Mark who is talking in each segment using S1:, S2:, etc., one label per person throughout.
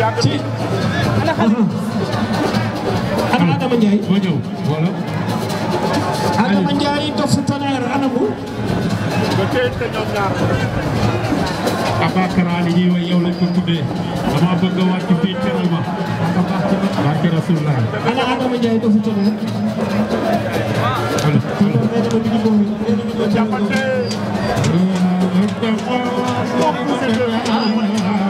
S1: ci ana mhm.
S2: Adama Ndiaye ma ñëw voilà
S3: Adama Ndiaye dof sa tonnerre anamu ba tey te ñoom ñaar Abakara
S2: li ñuy way yow lañ ko tuddee dama bëgg a wàcc fii teral ma barke
S1: Rasulullah ana Adama Ndiaye dof sa tonnerre alo alo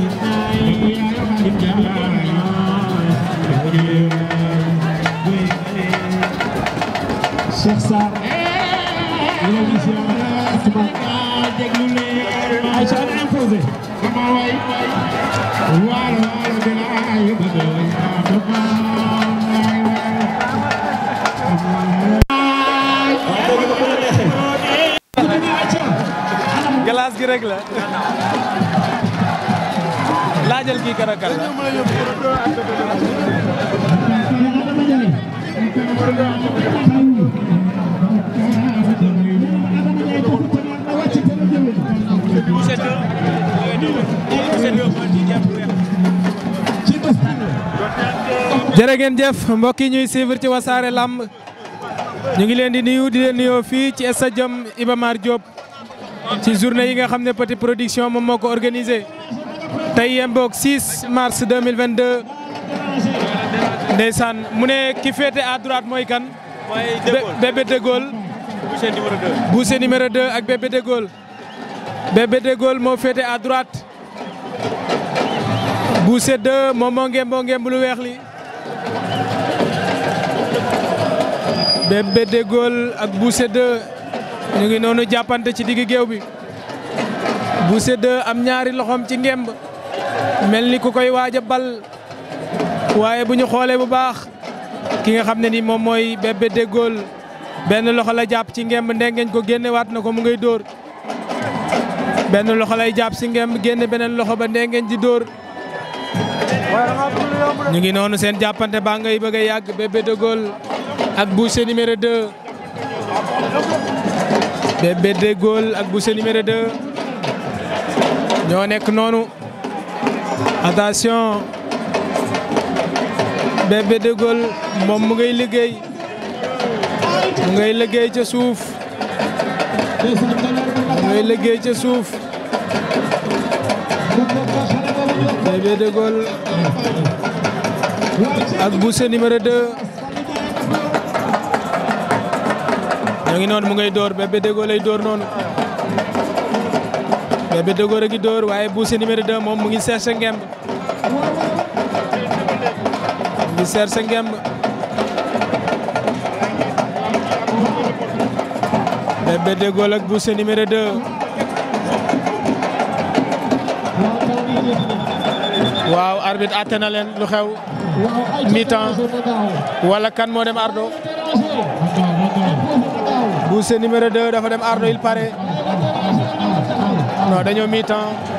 S2: gara gara ngeen jëf mbokk yi ñuy suivre ci wasaare lamb ñu ngi leen di nuyu di leen nuyoo fii ci sa Iba Mar Diop ci journée yi nga xam ne Petit Production moom moo ko organisé. tey yemboog 6 mars 2022 ndeysaan mu ne ki féete à droite mooy kan. Bébé de Gaulle. Bébé de Gaulle. Bébé moo féete à droite. Boucher 2 moom moo lu weex li. Bébé de Gaulle ak Boucher 2 ñu ngi noonu jàppante ci digg géew bi. Boucher 2 am ñaari loxoom ci ngemb. mel ni ku koy waaj a bal waaye bu ñu xoolee bu baax ki nga xam ne ni moom mooy Bébé Dégol benn loxo la jàpp ci ngemb ndengeñ ko génne waat na ko mu ngay dóor benn loxo lay jàpp si ngemb génn beneen loxo ba ndengeñ di dóor ñu ngi noonu seen jàppante baa ngay bëgg a yàgg Bébé Dégol ak bu numéro 2 Bébé ak bu numéro 2 ñoo nekk noonu attention Bébé Dégaule moom mu ngay liggéey mu ngay liggéey ca suuf mu ngay liggéey ca suuf Bébé Dégaule ak Boucher numéro 2 ñoo ngi noonu mu ngay door Bébé Dégaule lay door noonu Bébé Degor a ngi dóor waaye Boucher numéro 2 moom mu ngi cherché ngemb mu ngi cherché ngemb Bébé Degor ak Boucher numéro 2 waaw arbitre àtte na leen lu xew mi wala kan moo dem ardo Boucher numéro 2 dafa dem ardo il paraît non dañoo mi-temps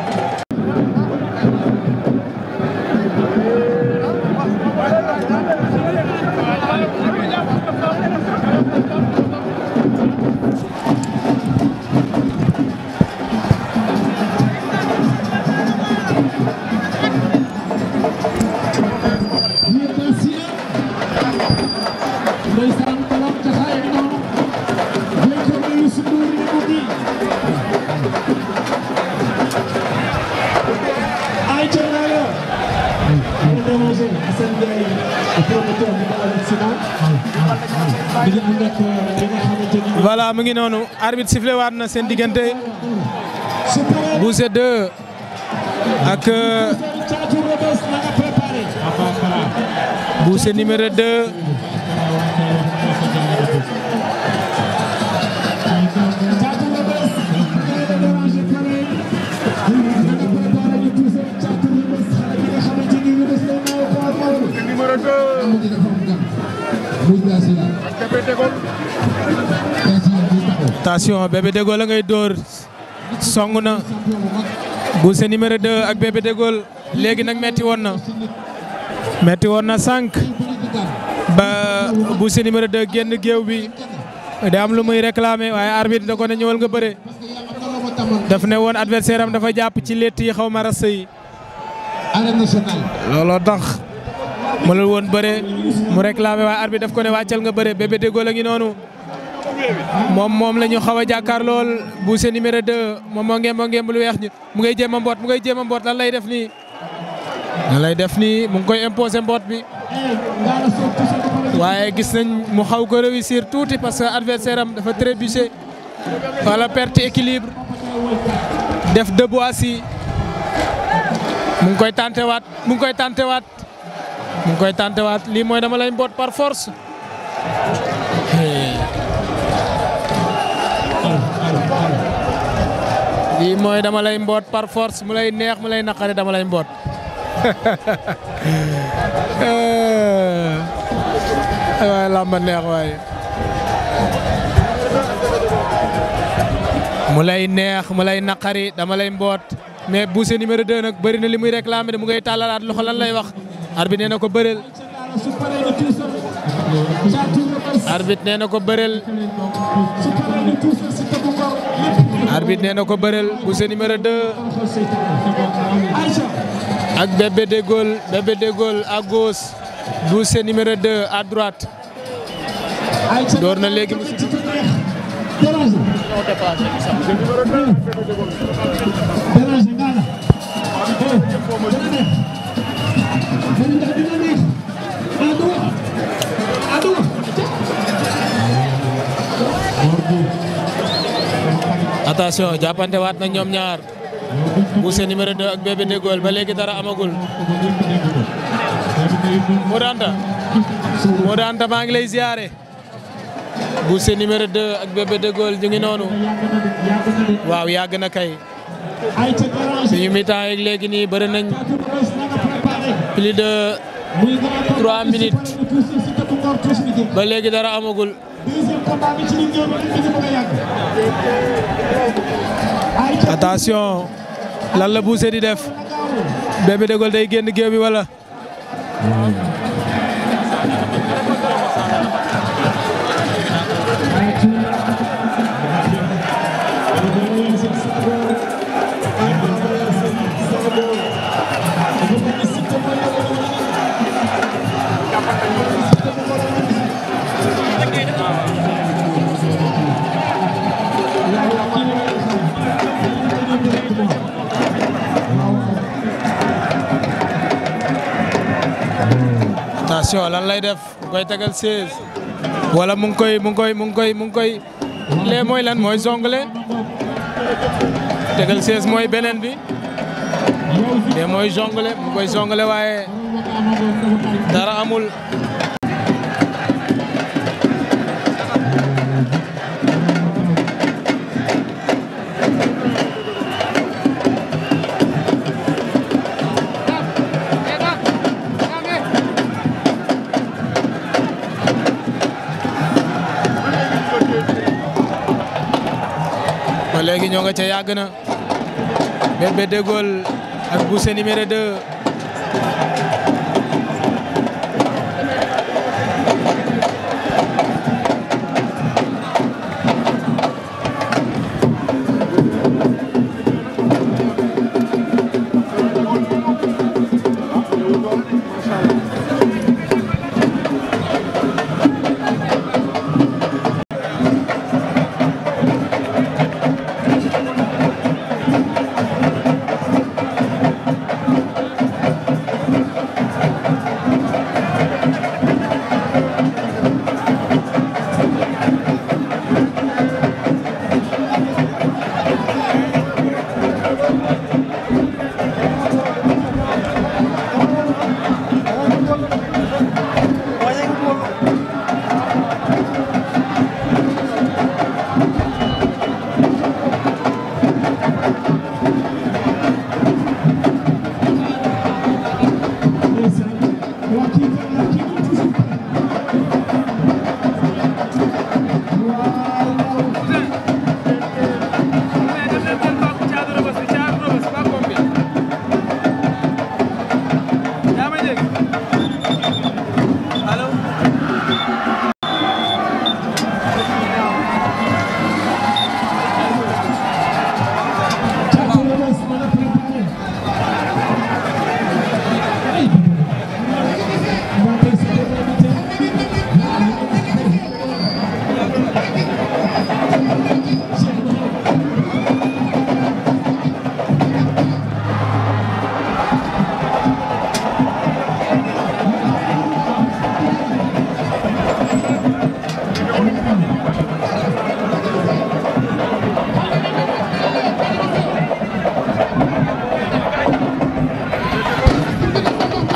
S2: ma mu ngi noonu arbitre sifflé waat na seen diggante Boucher 2 ak euh, Boucher numéro 2 numéro 2 attention Bébé Dégol la ngay dóor song na Boucher numéro 2 ak Bébé léegi nag metti woon na metti woon na sànq ba Boucher numéro 2 génn géew bi da am lu muy réclamer waaye arbitre da ko ñëwal nga bëre daf ne woon adversaire am dafa jàpp ci létt yi xaw ma rass yi looloo tax mënul woon bëre mu réclamer waaye arbitre daf ko ne nga bëre Bébé a ngi noonu moom moom la ñu xaw a jàkkaar lool Boucher numéro 2 moom moo ngeen moo ngeen lu weex ñu mu ngay jéem mboot mu ngay jéem a mboot lan lay def nii. def nii mu ngi koy imposé mboot bi waaye gis nañ mu xaw ko réussir tuuti parce que adversaire am dafa trébuché wala perte équilibre def debout mu ngi koy tantewaat mu ngi koy tantewaat mu ngi koy tantewaat lii mooy dama lay mboot par force. bii mooy dama lay mboot par force mu lay neex mu lay naqare dama lay mboot waaye làmba lay neex mu lay naqari dama lay mboot mais Boucher numéro 2 nag bëri li muy réclamé de mu ngay tàllalaat loxo lan lay wax arbitre nee na ko bëreel arbitre nee ko bëreel arbitre nee na ko bëreel Boucher numéro 2 ak Bébé Dégol Bébé Dégol à gauche Boucher numéro 2 à droite door na léegi Boucher attention jàppante waat na ñoom ñaar Boucher numéro 2 ak Bébé Dégaule ba léegi dara amagul Modou Anta Modou Anta maa ngi lay ziyaare Boucher numéro 2 ak Bébé Dégaule ñu ngi noonu waaw yàgg na kay suñu léegi nii bëri plus de 3 minutes ba dara amagul deuxième attention lan la Boucher di def bi Dégolle day génn géew bi wala. Hmm. attention lan lay def mu koy tegal 16 wala mu koy mu ngi koy mu ngi koy mu ngi koy lee mooy lan mooy jongle tegal 16 mooy beneen bi lee mooy jongle mu koy jongle waaye dara amul. léegi ñoo nga ca yàgg na Bébé Dégaule ak numéro 2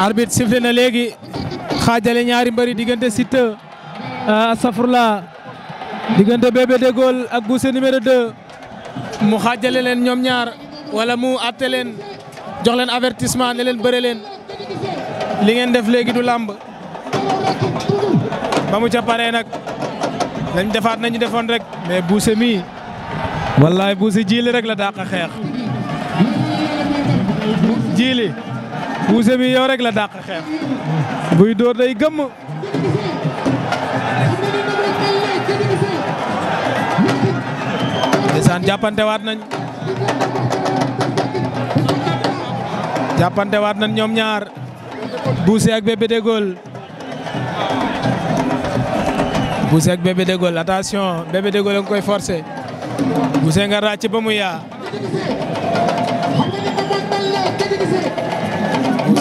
S2: arbitre sifflé na léegi xaajale ñaari mbëri diggante Siteu euh, safurla diggante Bébé Dégol ak Bousse numéro 2 mu xaajale leen ñoom ñaar wala mu atte leen jox leen avertissement ne leen bëre leen li ngeen def léegi du làmb ba mu ca pare nag dañ defaat nañu defoon rek mais Bousse mii wallaay Bousse jiili rek la dàq xeex jiili buuse mi yow rek la dàq xeex buy dóor day gëmm ndeysaan jàppante waat nañ jàppante waat nañ ñoom ñaar buuse ak bébé dégol buuse ak bébé dégol attention nga koy forcé buuse nga ràcc ba mu yaa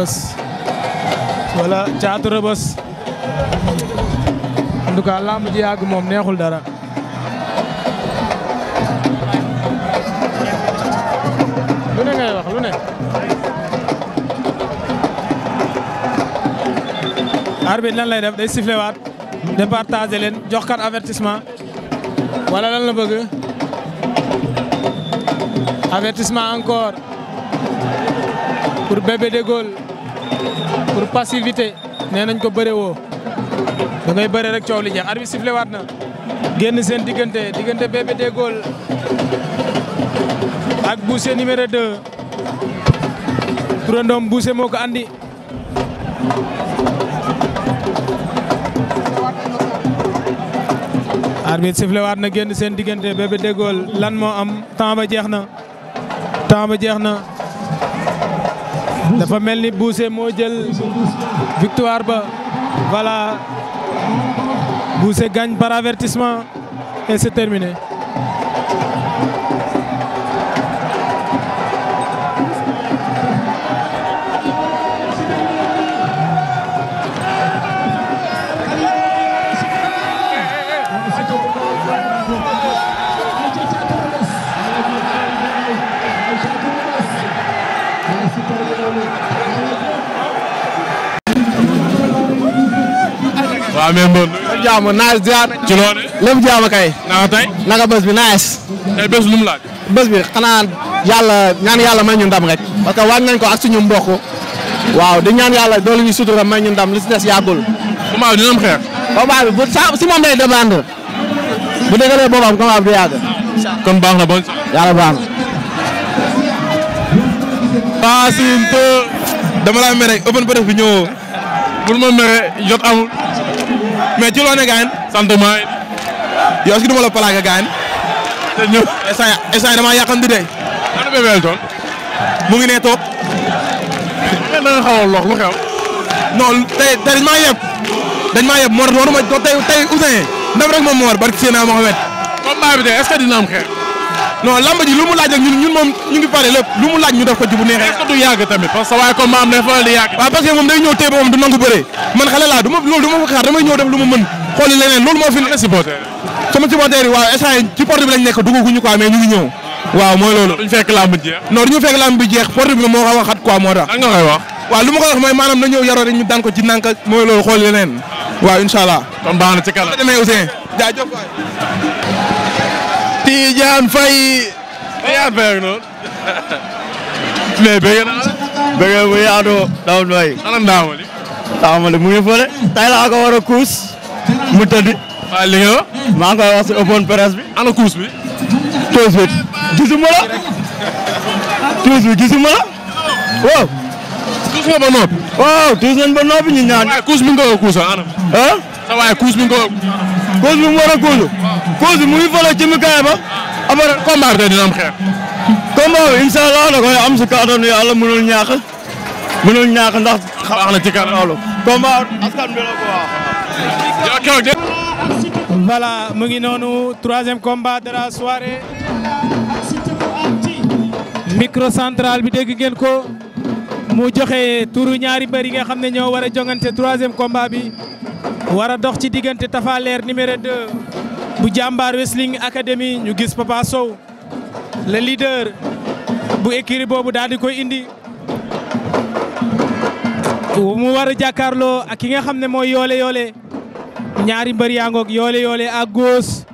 S2: rëbës wala caatu rëbës en tout cas lamb ji yàgg moom neexul dara. lu ne ngay wax lu ne. arbitre lan lay def day sifflé waat départagé leen jox kat avertissement wala lan la bëgg avertissement encore pour Bébé Dégaule pour passivité nee nañ ko bëre woo da ngay bëre rek coow li jeex arbitre sifflé na génn seen diggante diggante Bébé Dégaule ak Boucher numéro 2 turandoom Boucher moo ko andi arbitre sifflé na génn seen diggante Bébé Dégaule lan moo am temps ba jeex na temps ba jeex na dafa mel ni Bousse moo jël victoire ba voilà Bousse gagne par avertissement et c'est terminé.
S3: waaw mais Mbodj. lépp jaamu naaj ziar. ci loolu. lépp jaamu kay. naka tey. naka bés bi laaj. bés bi xanaa may ñu rek. parce que waaj nañ ko ak suñu mbokk. waaw di ñaan yàlla doole ñu sutura may ñu ndam li si des yàggul. combat bi dina am xeex. combat bu saa si moom day bu dëggalee boppam combat bi du yàgg. kon baax na bon. yàlla baax na. Paa Sine dama laa mais ci loo ne gaañ. sant maa yow est-ce que du la plaqué gaañ. te ñëw instant yii instant yii damaa yàqandi de. Elton. mu ngi nee toog. mais da nga xaw a lox lu xew. non tey tey dañ maa yeb. dañ maa yeb moo tax waruma tey tey Ousseyn ndam rek moom moo war barki Seydina Mohamed. combat bi de est que dina am xeex. non lamba ji lu mu laaj ak ñu ngi pare neexee. est-ce moom day ñëw téye moom du nangu bëree man xale du ma loolu du ma fa xaar damay ñëw def lu mu mën xooli leneen loolu moo fi nekk. supporter sama supporter yi waaw instant ci porte bi lañ nekk dugguñu quoi mais ñu ngi ñëw. waaw mooy loolu. duñ fekk fekk lamb jeex porte moo ko waxat quoi moo tax. wax. waaw lu ma ko wax mooy maanaam na ñëw yaroo ñu daan ko ci mooy loolu xooli leneen. waaw incha Tidiane Faye. Tidiane Faye ak noonu. mais bëgg naa la. bëgg naa bu yaatoo Dame Ndoye. anam Dame Li. Dame Li mu ngi fële. tey laa ko war a kuus. mu tëddi. waaw li nga wax. maa ngi koy wax si open presse bi. ana kuus bi. kuus bi gisuma la. kuus bi gisuma la. waaw. kuus nga ba noppi. waaw kuus nañ ba noppi ñu ñaan. waaye kuus mi nga ko kuusa anam. ah. waaye kuus mi nga ko. kuus bi mu war a kuusu. cause bi mu ngi fële ci mikaay ba amara combat tey dina am xeex combat bi incha koy am si kàttanu yàlla mënul ñaax mënul ñaax ndax xalaat na ci kàttanu loolu
S2: combat askan bi la ko mu ngi noonu troisième combat de soirée micro central bi dégg ngeen ko mu joxe turu ñaari mbër yi nga xam ne ñoo war a jongante troisième combat bi war dox ci diggante Tapha numéro 2 bu Jambar Wrestling Academy ñu gis Papa Sow le leader bu écurie boobu daal di koy indi mu war a jàkkaarloo ak ki nga xam ne mooy yoole yoole ñaari mbër yaa ngoog yoole yoole à gauche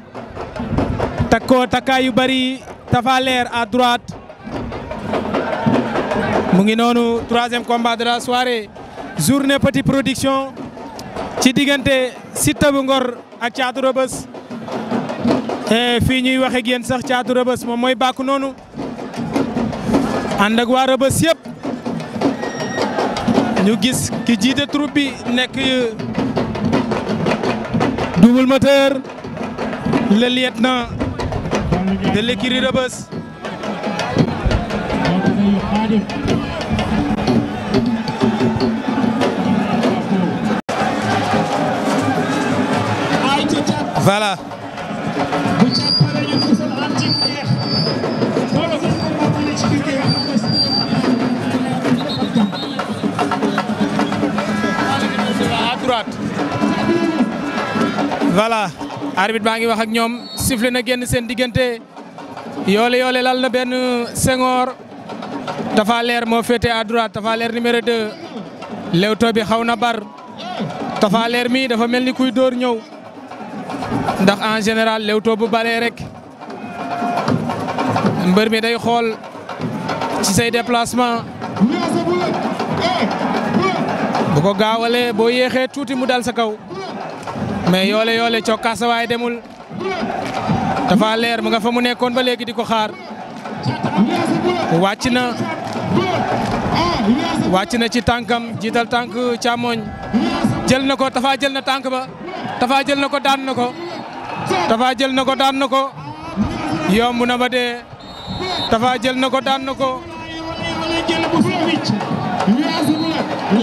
S2: takkoo yu bari tafa leer à droite mu ngi noonu troisième combat de la soirée journée petit production ci diggante Siteu bu Ngor ak Thiatou Rebeuss Eh, fii ñuy waxe ak sax caatu rëbës moom mooy bàkk noonu ànd ak waa rëbës yëpp ñu gis ki jiit troupe bi nekk euh, double moteur le lieutenant de l'écurie rëbës voilà voilà arbitre baa ngi wax ak ñoom sifflé na génn seen diggante yoole yoole lal na benn sengoor dafa Leer moo féete à droite Tapha Leer numéro lewto bi xaw na bar Tapha Leer mi dafa mel ni kuy dóor ñëw ndax en général lewto bu baree rek mbër mi day xool ci say déplacement bu ko gaawalee boo yéexee tuuti mu dal sa kaw mais yoole yoole cokkaas waaye demul dafa leer mu nga fa mu nekkoon ba léegi di ko xaar wàcc na wàcc na ci tànkam jiital tànk càmmoñ jël na ko Tapha jël na tànk ba Tapha jël na ko daan na ko Tapha jël na ko daan ko yomb na ba dee Tapha jël na ko daan na ko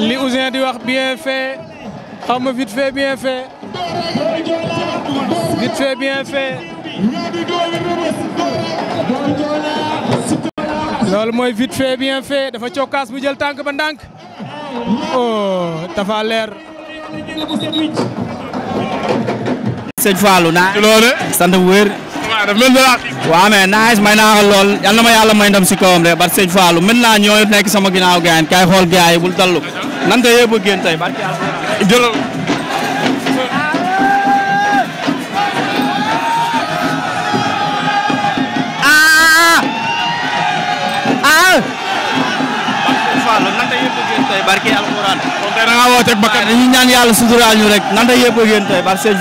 S2: li Ousin di wax bien fait xam nga vite fait bien Vite bien fait. loolu mooy vite fait bien fait dafa cokkaas mu jël tànk ba ndànk. oh dafa leer.
S3: sëñ Fallou naa. loole sant bu wér. waaw mais naaj may naa ko lool yal na ma yàlla may ndam si kawam de bar sëñ Fallou mën naa ñooy nekk sama ginnaaw gaañ kay xool gaay bul dallu nan de yëpp a génn tey. jëlal.
S2: tey da ngaa woote ak bakkan
S3: dañuy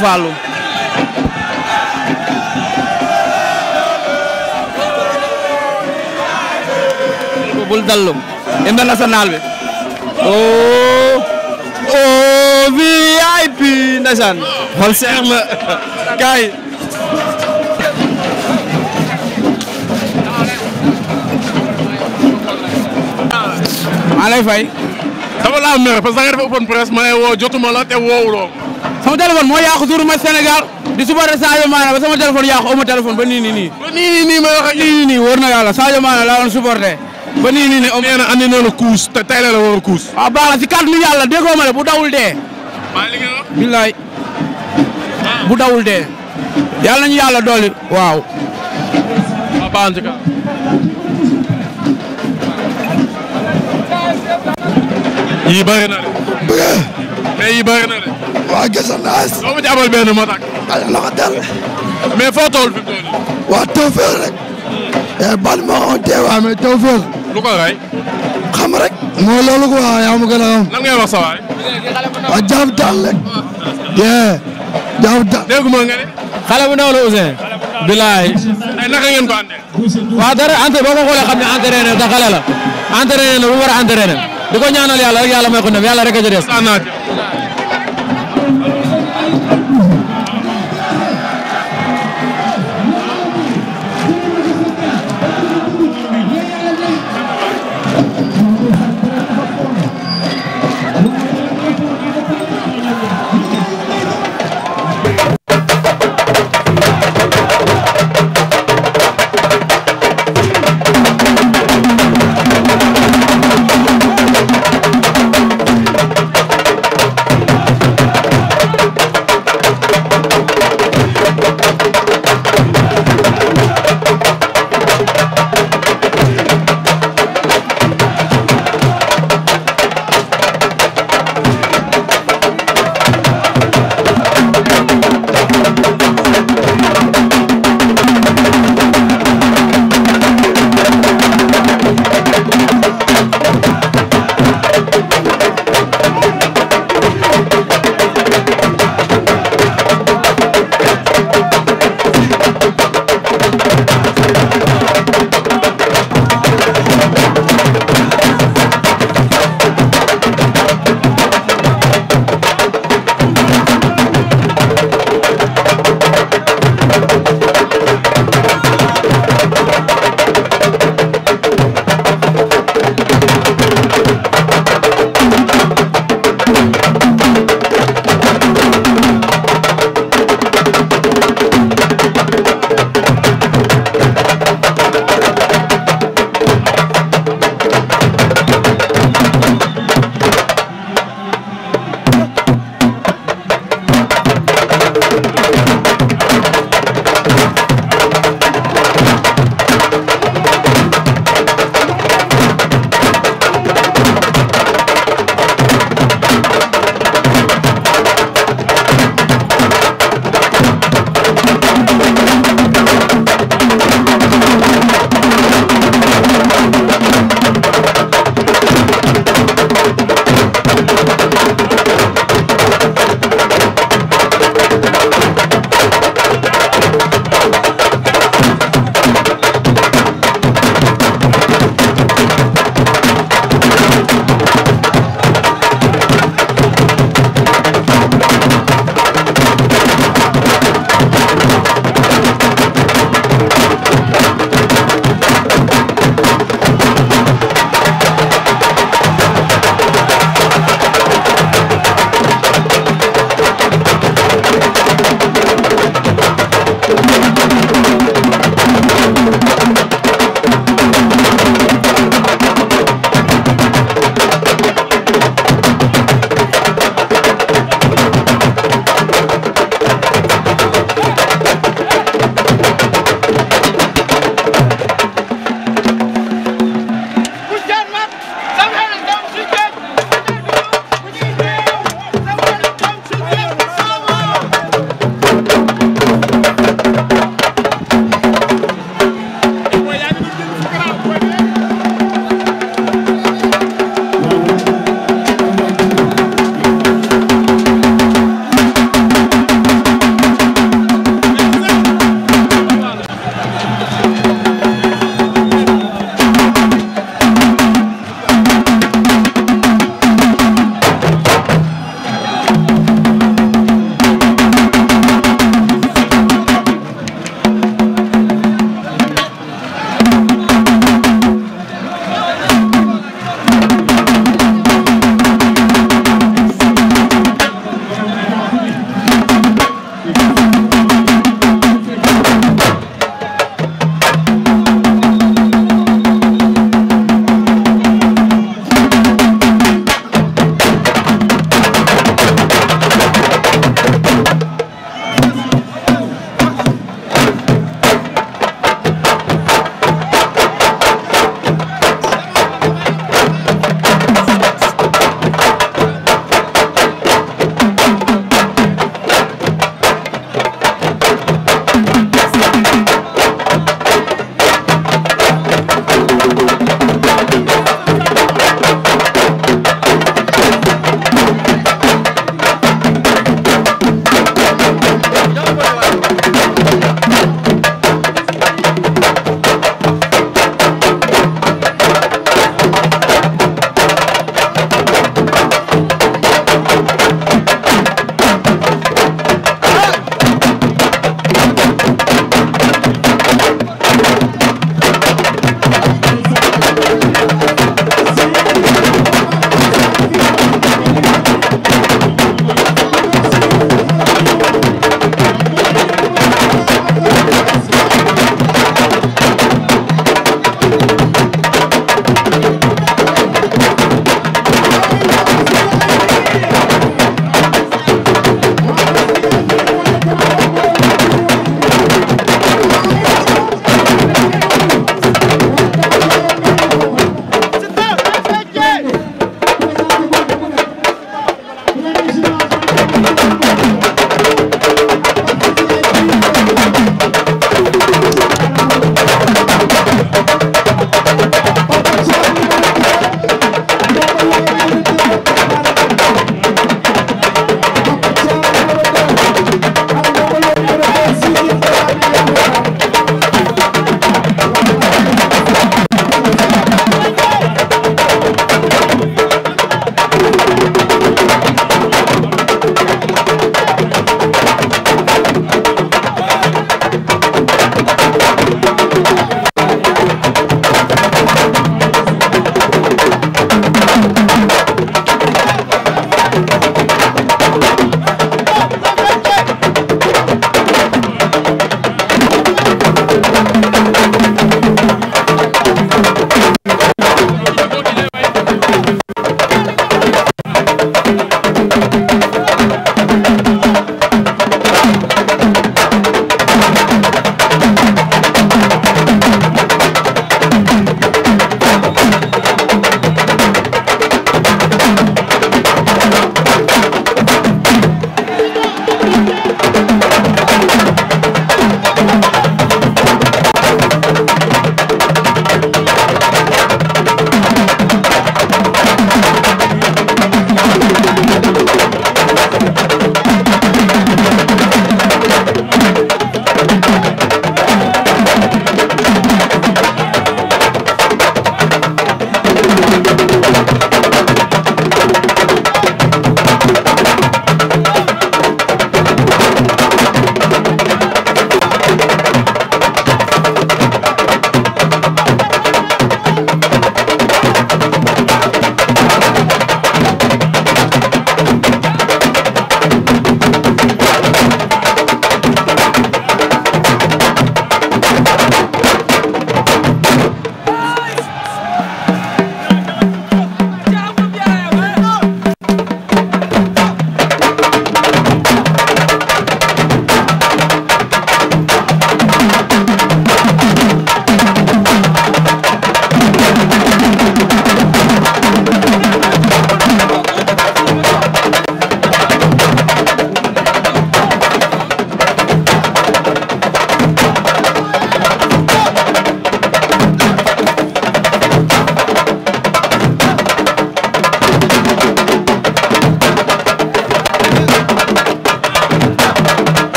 S3: bul dallu international bi oh oh VIP ndeysaan xol seex la kaay dafa laa mer parce que da nga def open press ma ne jotuma la te woowuloo sama téléphone moo yàqu jour ma Sénégal di suba de Sadio Mané ba sama téléphone yàqu aw ma ba nii nii nii. ba nii nii nii may wax nii nii na yàlla Sadio Mané laa doon supporté ba nii nii nii. nee na andi kuus te la la a kuus. waaw baax na si kàddu yàlla déggoo ma ne bu dawul dee. maa ngi liggéey. billaay bu dawul dee. yàlla nañu yàlla dolli waaw. yii bëri na de. bëggee. mais yii bëri na de. waa gëstu naa si. doo ma ci amal benn moo tax. waaye la ko dal. mais foo toll fi mu toll nii. waa tawfeex rek. Hmm. Eh, bal ma waxoon tey waa mais tawfeex. lu ko ray. xam rek. moo loolu ko waa yaa ma gën a xam. lan ngay wax sa waay. waa jaam daal rek. yee jaam daal. dégg nga nga ne. xale bu ndaw la Ousseyn. bilaay. ay eh, naka ngeen ko andee. waa dara ante boo ko xoolee xam ne entraîné na te xale la. entraîné na bu mu war a entraîné. di ko ñaanal yàlla rek yàlla may ko ndam yàlla rek a ca des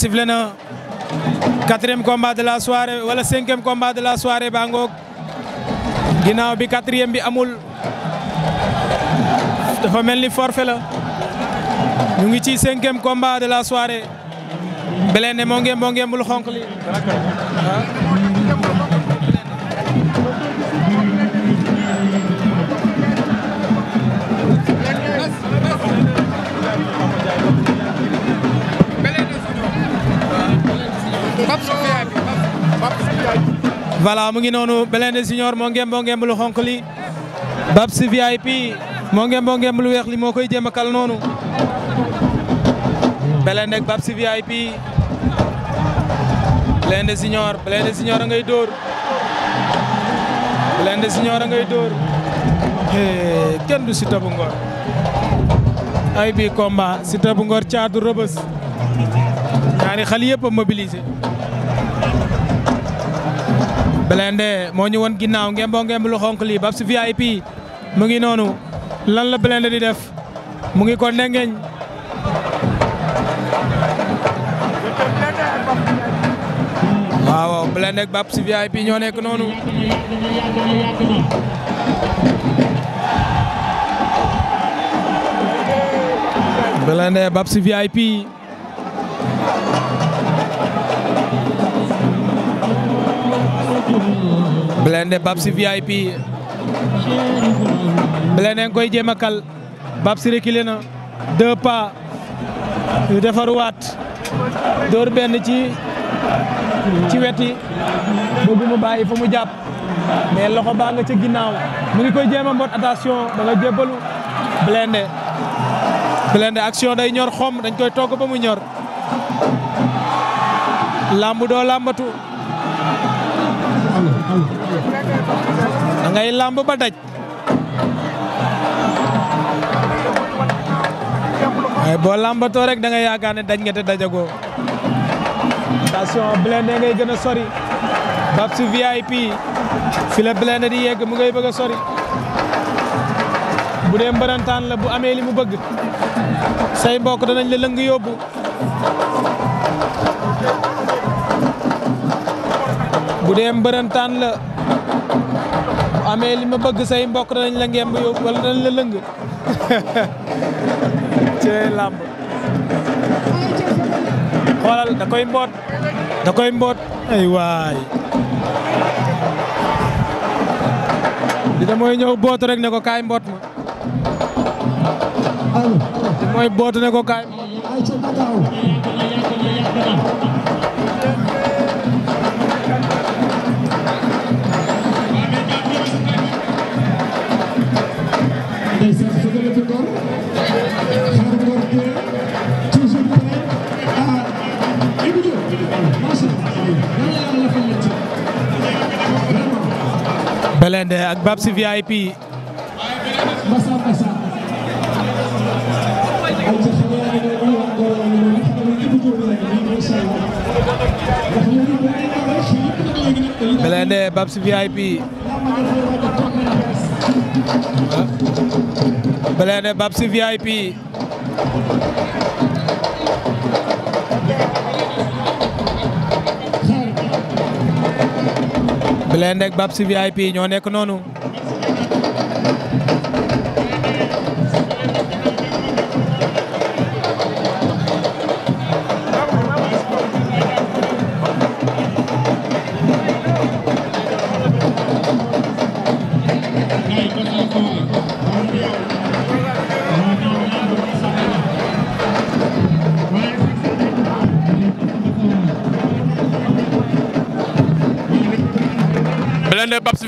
S2: arbitre sifflé na quatrième combat de la soirée wala cinquième combat de la soirée baa ngoog ginnaaw bi quatrième bi amul dafa mel ni forfait la ñu ngi ci cinquième combat de la soirée Belende ne ngeen moo ngeen bul xonq li voilà mu ngi noonu Blindé Junior moo ngem boo ngem lu xonk li Babsi VIP moo lu weex li moo koy jéem a noonu Blindé ak Babsi VIP Blindé Junior Blindé Junior a ngay dóor Blindé ngay dóor kenn du Siteu bu Ngor ay bi combat Ngor caatu rëbës ñaari xale yëpp a mobilisé Blindé moo ñu woon ginnaaw ngeen boo ngeen lu xonk lii Babs VIP mu ngi noonu lan la Blindé di def mu ngi ko nengeñ waaw Blindé ak VIP ñoo nekk noonu Blindé Babs VIP Blindé Babsi VIP Blindé nga koy jéem a kal Babsi reculé na deux pas yu defaruwaat dóor benn ci ci weti boobu mu bàyyi fa mu jàpp mais loxo baa nga ca ginnaaw mu ngi koy jéem a mbot attention da nga jébbalu Blindé Blindé action day ñor xom dañ koy togg ba mu ñor lamb doo lambatu dangay ngay làmb ba daj. waaye boo lambatoo rek dangay ngay daj nga te dajagoo. station Blindé ngay gën sori. Babsi VIP fi la di yegg mu ngay bëgg a sori. bu dee mbërantaan la bu amee li mu bëgg. say mbokk danañ la lëng yóbbu. bu dee mbërëntaan la amee li ma bëgg say mbokk danañ la ngemb yóbbu wala danañ la lëng ci làmb xoolal da koy mboot da koy mboot ay waay di da mooy boot ne ko kaay mboot ma di mooy boot ne ko kaay mboot Blindé ak Babs VIP Blindé VIP Blindé ak Babs VIP ñoo nekk noonu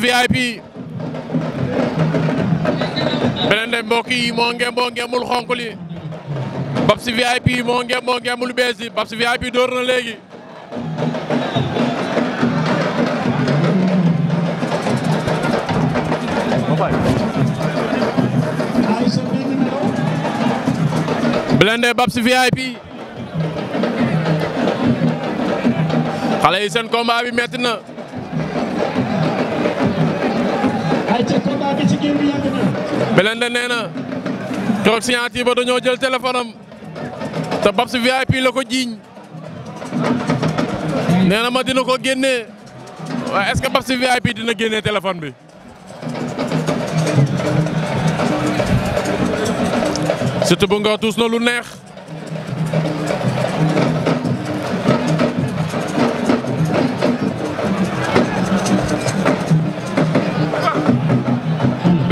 S3: VIP Blindé mbokk yi moo ngem moo ngemul xonk li Babs VIP moo ngem moo ngemul bees yi Babs VIP door na léegi Blindé Babs VIP xale yi seen combat bi metti na Belende nee na keroog signature ba dañoo jël téléphone am te Babs VIP la ko jiiñ nee na ma dina ko génnee waaye est-ce que VIP dina génne téléphone bi. Siteu bu tuus na lu neex.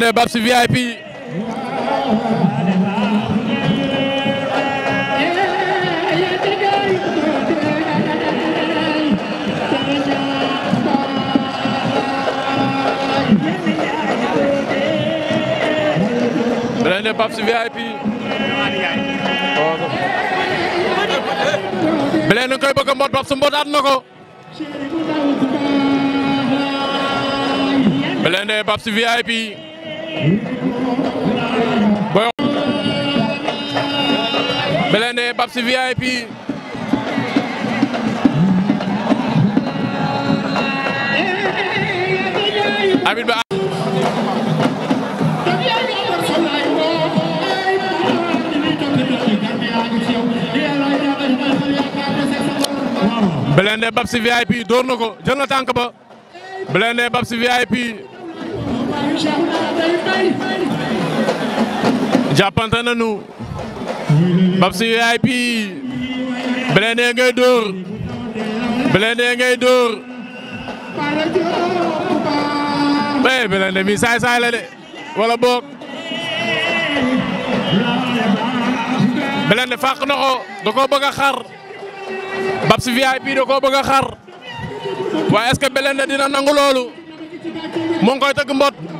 S3: ne Babs VIP beneen ne Babs VIP mbot Babs VIP boy Belende Babsi VIP abit ba Belende Babsi VIP door na ko jël Belende Babsi VIP jàppante nañu Babsi VIP Blindé ngay dóor Blindé ngay dóor mais eh, mi saay saay la de wala boog Blindé fàq na ko da koo bëgg a xar Babsi VIP da koo bëgg a xar waaye est-ce que Blindé dina nangu loolu mu ngi koy tëgg mbot.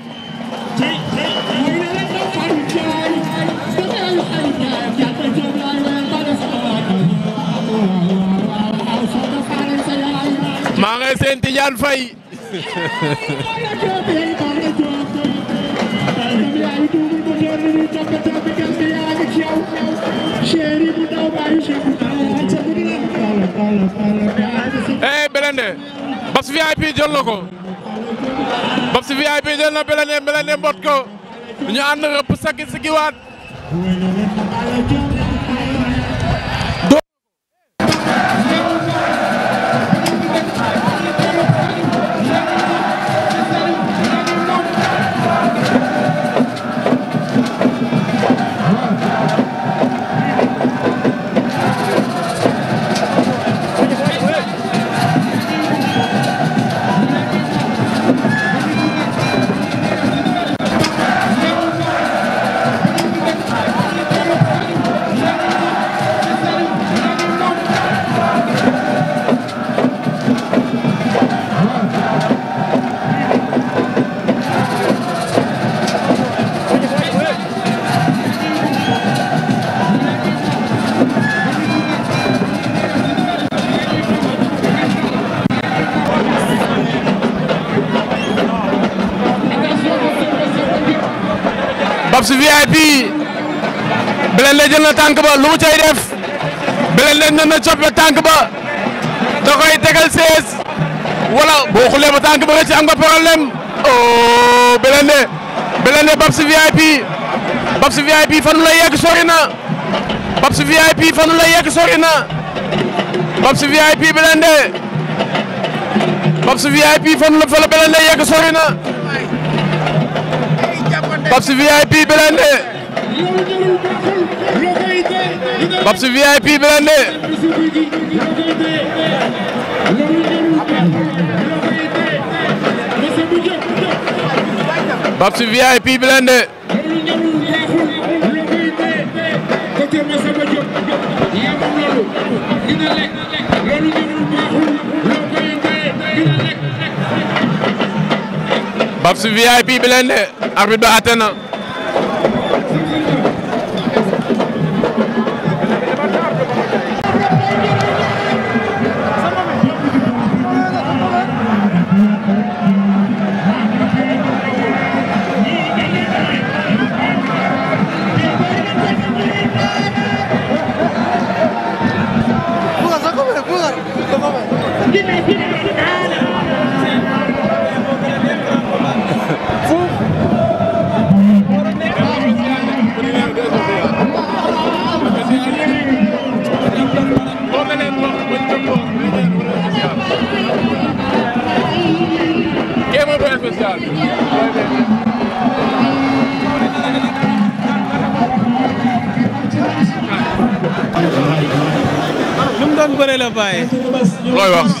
S3: maa ngay seen Tidiane Faye eh Belende Bass VIP jël na ko Babs VIP jël na Belende Belende mbot ko ñu ànd rëpp sakki sikiwaat na tànk ba lu mu cay def Belel leen na na coppe tànk ba da koy tegal sees wala boo xulee ba tànk ba nga ci am nga problème oh Belel ne Belel ne Babs VIP fanu la yegg sori na Babs VIP fanu la yegg sori na Babs VIP Belel ne Babs VIP fanu la fa la Belel ne yegg sori na Babs VIP Belel Papsi VIP bi ren de Papsi VIP bi ren de Papsi
S2: looy wax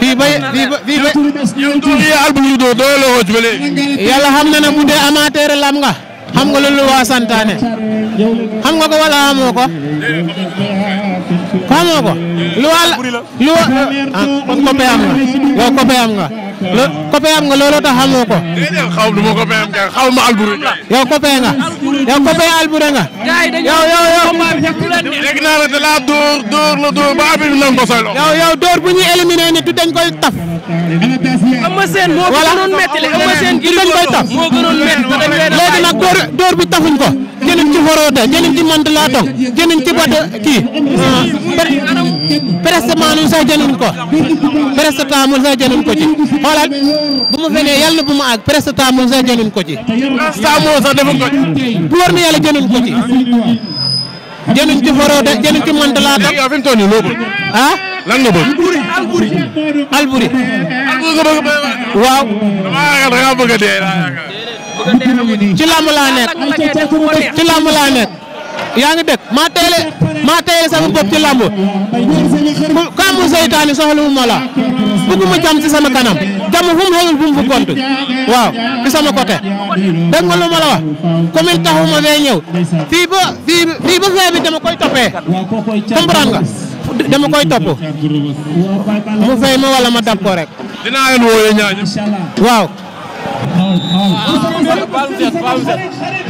S3: fii bay fii ba fii ba. yow doole yàlla xam na ne bu dee amateur lam nga. xam nga lu luwaa santaane xam nga ko wala xamoo ko xamoo ko luwaa luwaa ah kon copé nga yow copé nga lo copé am ko. xaw ma nga xaw ma nga. yow copé nga dóor ba bu ñuy éliminé du dañ koy taf. Eumeu Sène moo gënoon metti le Eumeu Sène gi dañ koy taf moo gënoon metti bi tafuñ ko jëniñ ci foroote jëniñ ci mant laa tong jëniñ ci bad kii euh, presque maanaam sax ko presque taamul sax jëniñ ko ci xoolal bu ma fenee yàlla na bu ma àgg presque taamul sax ko ci taamul sax defuñ ko ci bu war na yàlla jëniñ ko ci jëniñ ci foroote jëniñ ci mant laa tong ah lan nga bëgg. Alboury waaw.
S1: ci làmb laa ci làmb laa nekk.
S3: yaa ngi dégg maa teele maa teele sama bopp ci làmb. kaa mu seytaane soxla mu ma la jam ci sama kanam jam fu mu xewul bu mu fu gont waaw ci sama côté dégg nga lu ma la wax commune taxuma fee ñëw fii ba fii fii ba fee bi dama koy toppee comprendre dama koy topp mu fay ma wala ma dab ko rek. dinaa leen wooyee ñaañ. waaw.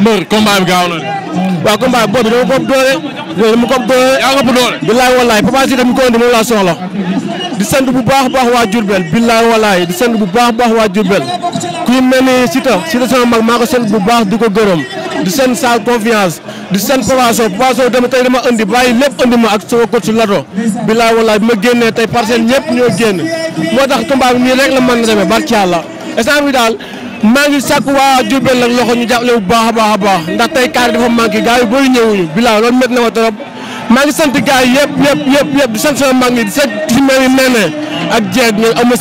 S3: mbër combat bi gaaw na de. waaw combat bi boobu dama ko doole. dama billaay wallaay Papa Sow tamit ko moom laa soxla. di sant bu baax baax waa billaay wallaay di sant bu baax baax waa Diourbel. ku ni Sita Sita sama mag maa ko sant bu di ko gërëm. du seen saal confiance du seen Papa Sow Papa Sow dama tey dama andi bàyyi lépp andi ma ak sama coach Lato bilaay walaay bi ma génnee tey parcelle ñëpp ñoo génn moo tax combat nii rek la mën na demee barki yàlla instant bi daal maa ngi sàkku waa Diourbel nag loxo ñu jàppale bu baax a baax a baax ndax tey kaar dafa manqué gars yi ñëwuñu bilaay loolu métti na ma trop maa ngi sant gars yi yëpp yëpp yëpp yëpp di sant yi di sant ci mel ni Nene ak Dieng ñoom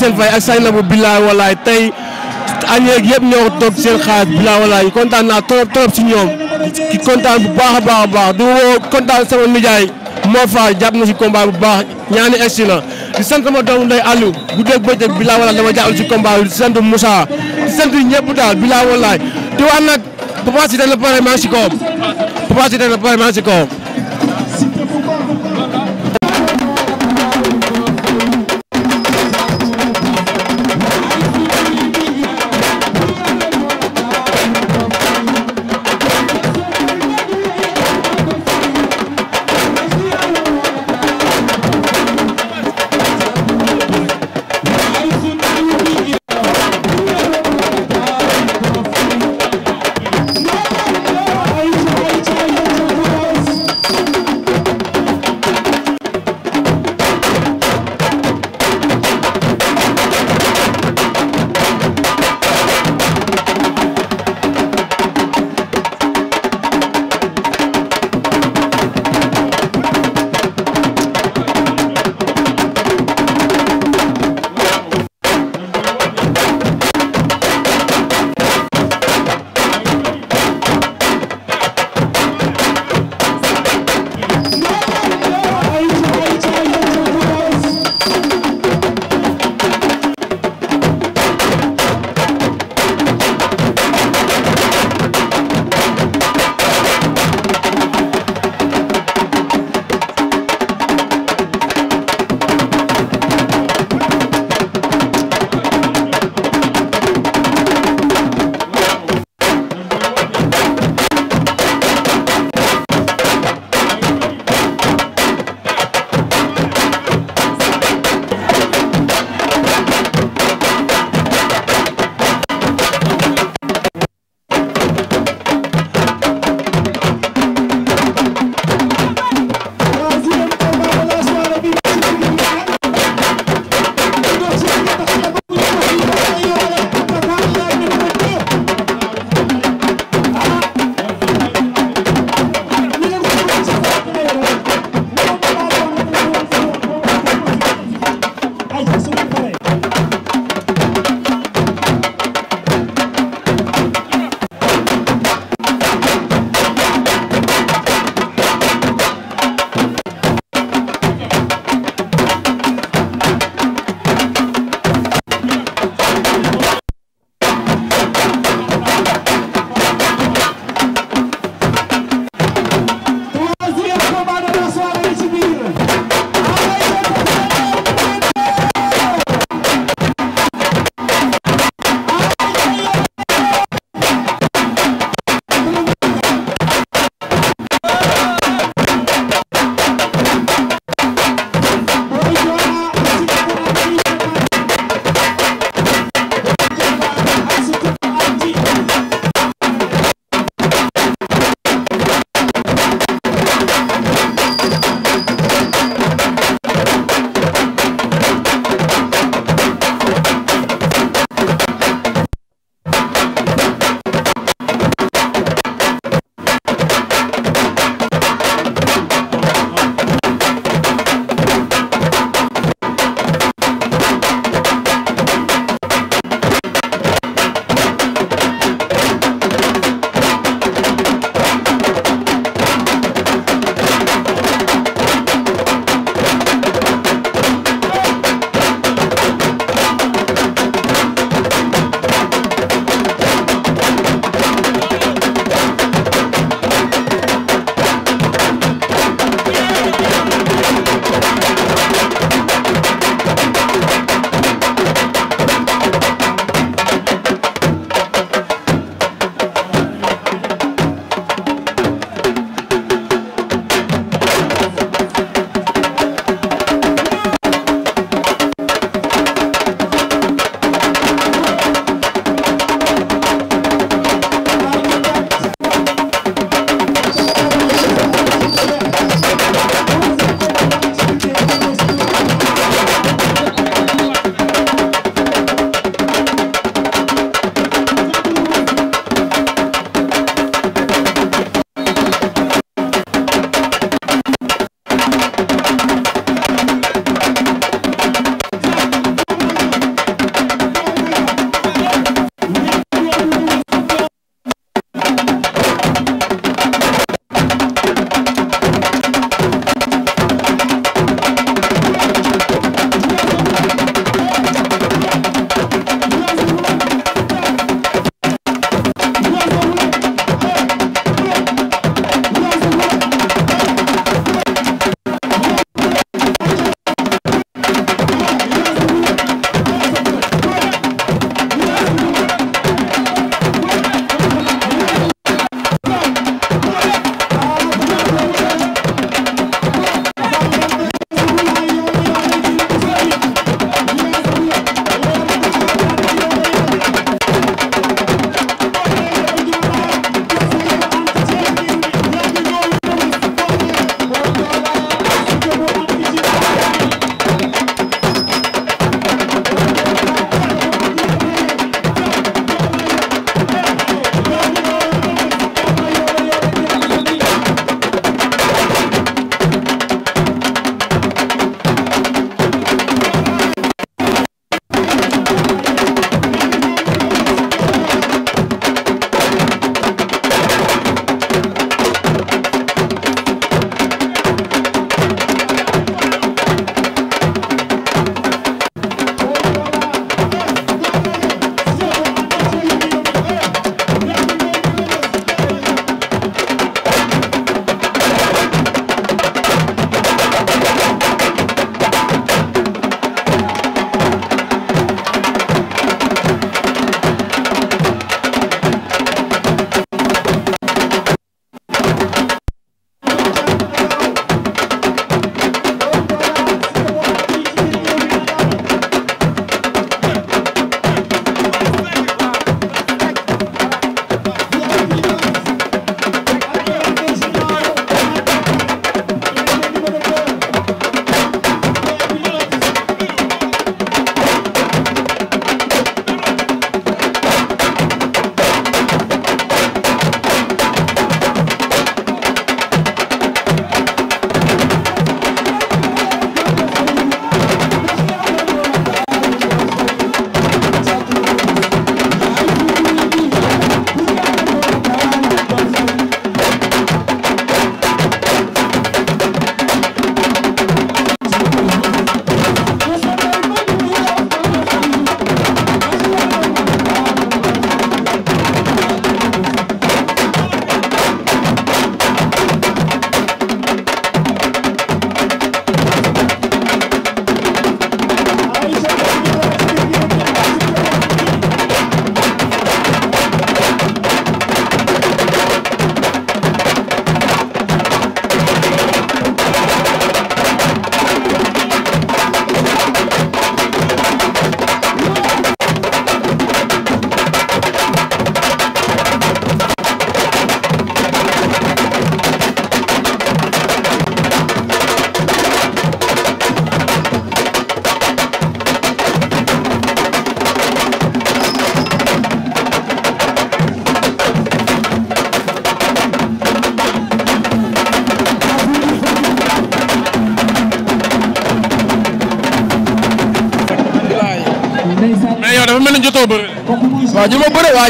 S3: añ yeeg yëpp ñoo toog seen xaalis bi laa kontaan naa trop trop si ñoom ki kontaan bu baax baax a baax di woo kontaan sama nijaay moo faa jàpp na si combat bu baax ñaani egsi na di sant sama doomu ndey Aliou bu dégg bëccëg bi laa walaay dama jàppale si combat bi di sant Moussa di sant ñëpp daal bi laa walaay di wax nag Papa Cissé la pare maa ngi si kawam Papa Cissé pare maa ngi si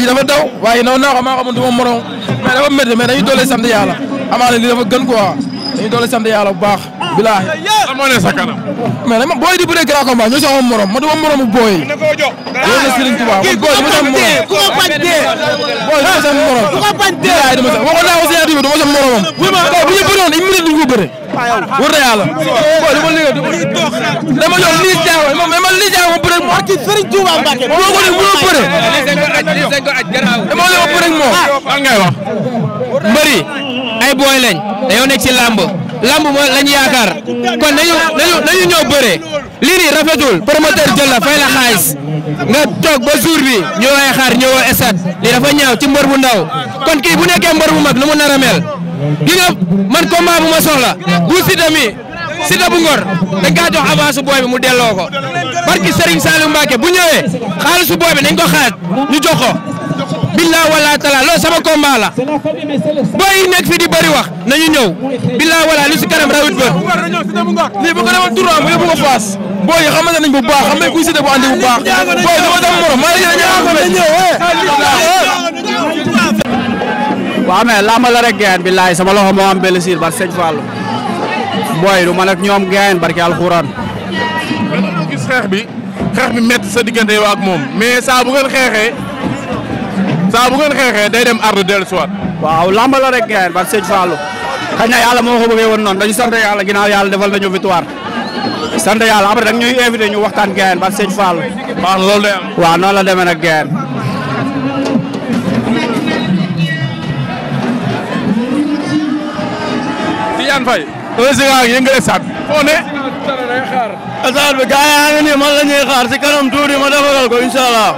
S3: waa ji dafa daw waaye noonu naa ko maa xamul du ma morom mais dafa métti mais dañuy doole sant yàlla amaana li dafa gën quoi dañuy doole sant yàlla bu baax. bilaahi lan moo ne sa kanam. mais nag booy di bëree grand combat ñoo sama morom ma du ma moromu booy yi. loolu la Serigne Touba man booy dama sama morom. ku ko bañ dee. booy dama sama morom. ku ko bañ dee. bilaahi dama sama waxoon naa ko si rajo bi dama sama moromam. bu ñu bëri woon une minute duñ ko waaw yow
S1: wër
S3: na yàlla. waaw dama liggéey dama liggéey dama jox lii jaawal moom dama lii jaawal ba pare. waaw ay booy lañ dañoo nekk ci làmb. lamb mooy lañ yaakaar kon nañu nañu nañu bëre lii rafetul promoteur jël la fay la xaalis nga toog ba jour bi ñëwaay xaar ñëwoo stade lii dafa ñaaw ci mbër bu ndaw kon kii bu nekkee mbër bu mag lu mu nar a mel gi nga man combat bu ma soxla bu Siteu mi Siteu bu Ngor dañ kaa jox avance booy bi mu delloo ko barki Serigne Saliou Mbacke bu ñëwee xaalisu booy bi nañ ko xaaj ñu jox ko bilaa wala tala loolu sama combat la booy yi nekk fi di bëri wax nañu ñëw
S1: bilaa wala lu si kanam rawit
S3: bër lii bu ko demoon turam yóbbu ko faas booy yi xamante nañ bu baax xam nañ kuy Siteu bu andi bu baax booy dama dem morom maa ngi leen ñëw eh. waa mais làmb la rek gayen bi laay sama loxo moo am blessure bar sëñ Fallou booy du man ak ñoom gayen barki alxuraan. xeex bi xeex bi métti sa diggante yow ak moom mais saa bu ngeen xeexee saa bu ngeen xeexee day dem ardu dellusiwaat. waaw làmb la rek gayen bar sëñ Fallou xëy na yàlla moo ko bëggee woon noonu dañu sant yàlla ginnaaw yàlla defal nañu victoire. sant yàlla après da ñuy invité ñu waxtaan gayen bar sëñ Fallou. waaw loolu la demee nag gayen Faye. Ousseyn Sika yëngale saat bi. foo ne. bi gars yaa ngi si kanam tuuti ma defaral ko incha allah.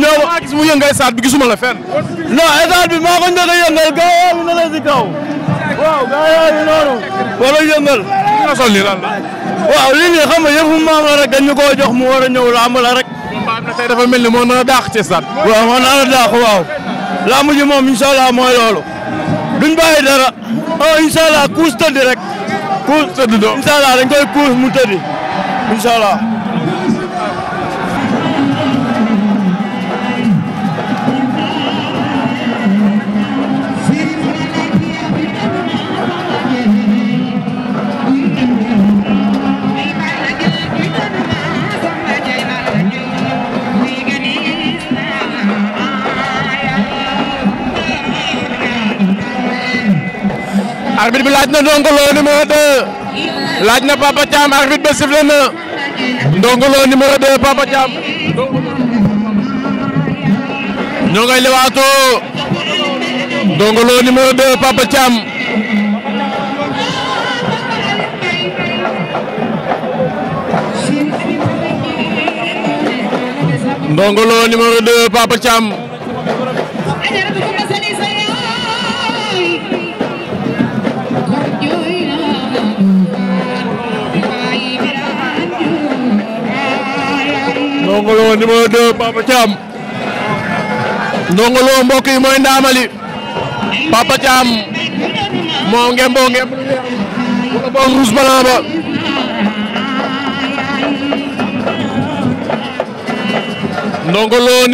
S3: ñëw maa gis mu yëngal saat bi gisuma la fenn. non saat bi maa ko njëkk a yëngal gars yaa ngi ne la si kaw. waaw gars yaa ngi noonu. wala yëngal. li nga sol nii lan la. waaw lii nii xam nga yëfu maam la rek dañ ñu koo jox mu war a ñëw làmb rek. maam na mel ni moo nar a dàq ci saat. waaw moo nar a waaw. làmb moom incha mooy loolu. duñ dara. oh incha allah kuus tëdd rek. kuus tëdd doo incha allah dañ koy kuus mu tëdd arbitre bi laaj na Ndongo laaj na Papa Thiam arbitre Ndongo Lo numéro 2 Papa Thiam mooy ndaamali Papa Thiam moo ngem boo ngem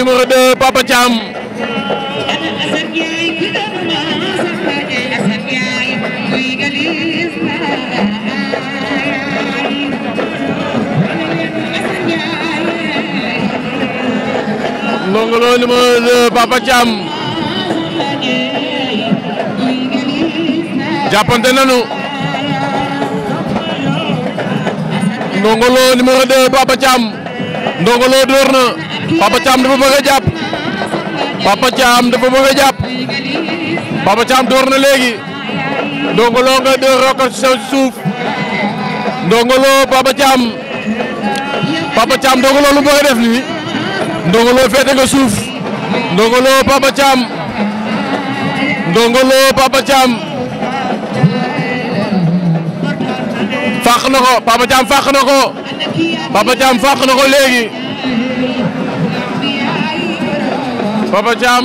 S3: wala Ndongo Lo numéro 2 Papa Thiam jàppante nañu Ndongo Lo numéro 2 Papa Thiam Ndongo Lo door na Papa Thiam dafa bëgg a jàpp Papa Thiam dafa bëgg a na léegi Ndongo Lo nga door rokkal suuf Ndongo Lo Papa Thiam Papa a def nii. Ndongo Lo nga suuf Ndongo Lo Papa Thiam Ndongo fàq na ko Papa faq na ko léegi Papa Thiam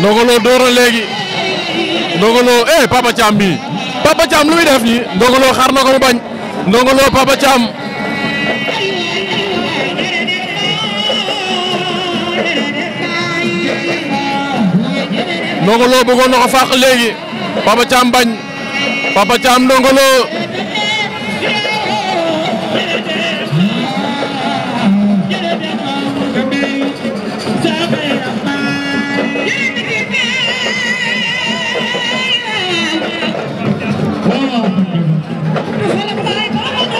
S3: Ndongo Lo door léegi Ndongo Lo eh Papa Thiam bii Papa Thiam lu muy def nii Ndongo Lo xaar ko bañ Ndongo Lo Papa Thiam. Ndongo Lo bëggoon ko fàq léegi Papa Thiam bañ Papa Thiam Ndongo Lo.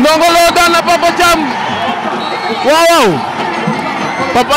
S3: Ndongo Lo daan na Papa Thiam waaw waaw Papa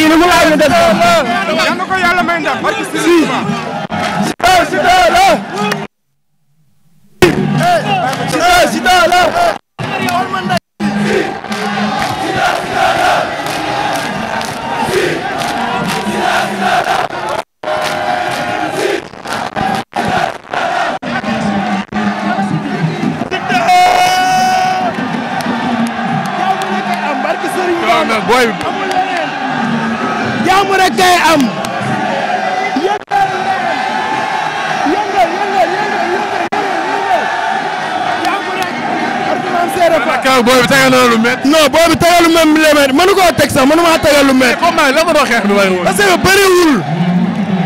S1: kii nu mu laaj ñu def.
S3: yal na ko yàlla may ndam. si. non boobu tegalu même millimètre mënu teg sax mënu maa tegalu mètre. ko doon xeex bi waaye woon. parce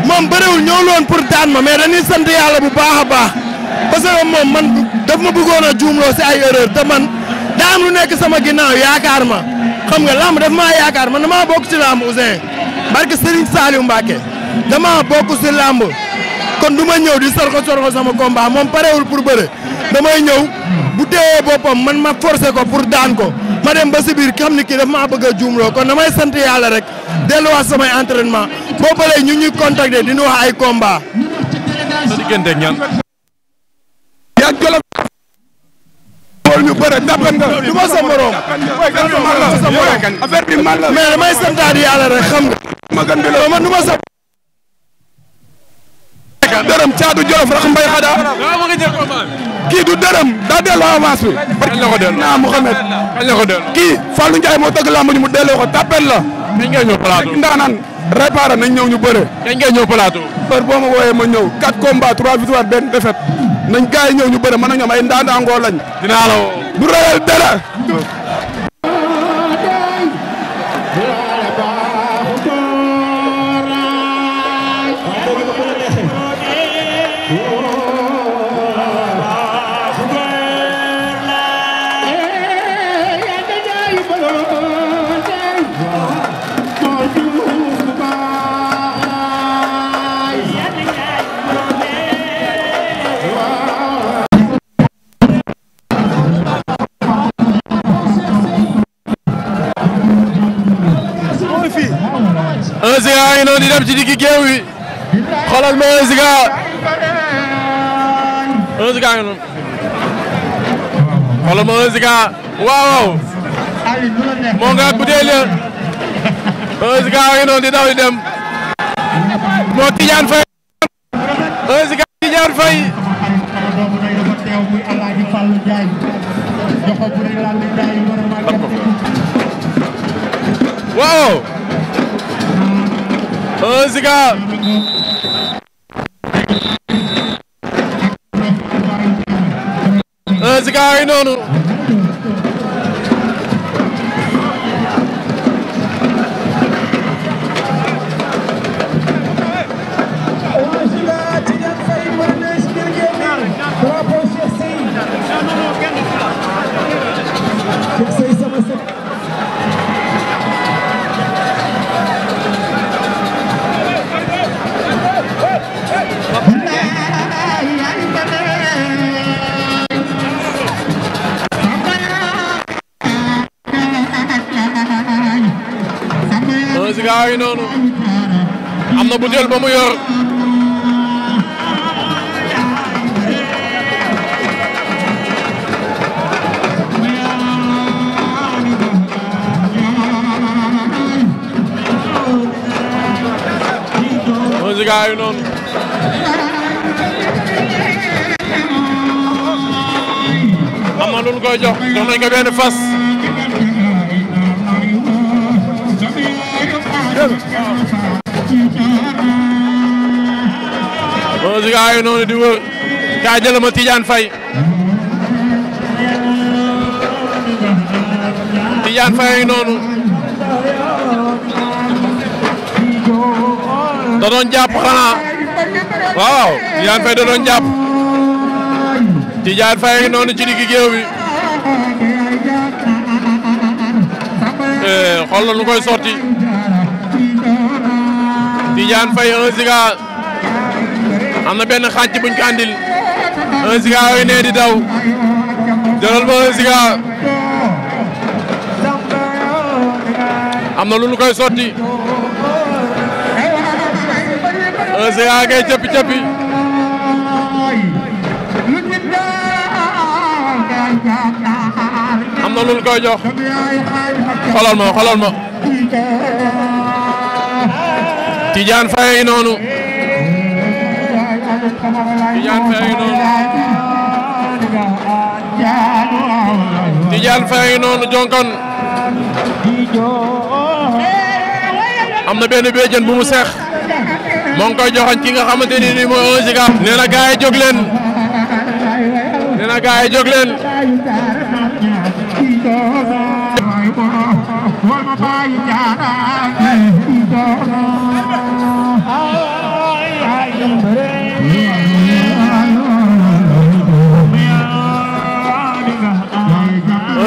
S3: moom bëriwul ñëw loon pour daan ma mais dañuy sant yàlla bu baax a baax que moom man daf ma bëggoon a juumloo si ay erreur te man daa am lu nekk sama ginnaaw yaakaar ma xam nga lamb daf maa yaakaar man damaa bokk ci lamb Ousseyn barke Serigne Saliou Mbacke damaa bokk si lamb kon du ma ñëw di sorko sorko sama combat moom parewul pour bëre damay ñëw bu teewee boppam man ma forcer ko pour daan ko. ma dem ba si biir xam ni kii daf maa bëgg a kon damay sant yàlla rek delluwaat samay entraînement boo ñu ñuy contacter di wax ay combat. sa ak ñan. yàgg jolof. loolu ñu bëre sa morom. affaire damay santaat yàlla rek xam nga. ma gën sa. dërëm caatu jolof rax mbay xada. kii du dërëm daa delloo avance bi. kañ la ko delloo naa Mouhamed. kañ la ko delloo kii Fallou moo tëgg lamb ñu mu delloo ko tapel la. dañ ngay ñëw plateau rek ndaanaan réparé ma wooyee ma ñëw 4 combats 3 victoires ñu bëre mën nañu am ay ndaandaangoo lañ. dinaa la woo. du rëyal dara. baa ngi noonu di dem ci diggi géew wi xoolal ma Ziga ma Ziga ngi noonu xoolal ma Ziga waaw
S1: waaw
S3: moo nga butéel ya ma Ziga ngi noonu di daw di dem moo Tidiane Faye Ziga Ziga eh, ay noonu butéel ba mu yor Music a ngi noonu am na lu ñu koy jox jox nañ ko benn fas gaa yi noonu di wër gaa jël ma Tidiane Faye Tidiane Faye noonu da doon jàpp waaw Tidiane Faye da doon jàpp Tidiane Faye noonu ci digg géew bi eh, xool na lu koy sotti Tidiane Faye un am na benn xàcc buñ andil un Giga a ngi daw jëlal ba un Giga am na lu ñu koy sotti un Giga ngay cëppi cëppi am na lu ñu koy jox xoolal ma xoolal ma Tidiane Faye noonu. Tidiane Faye noonu Tidiane Faye noonu jonkon am na benn béjjën bu mu seex moo ngi koy nga xamante ni nii mooy 1 Giga. nee na gars yi jóg leen nee na gars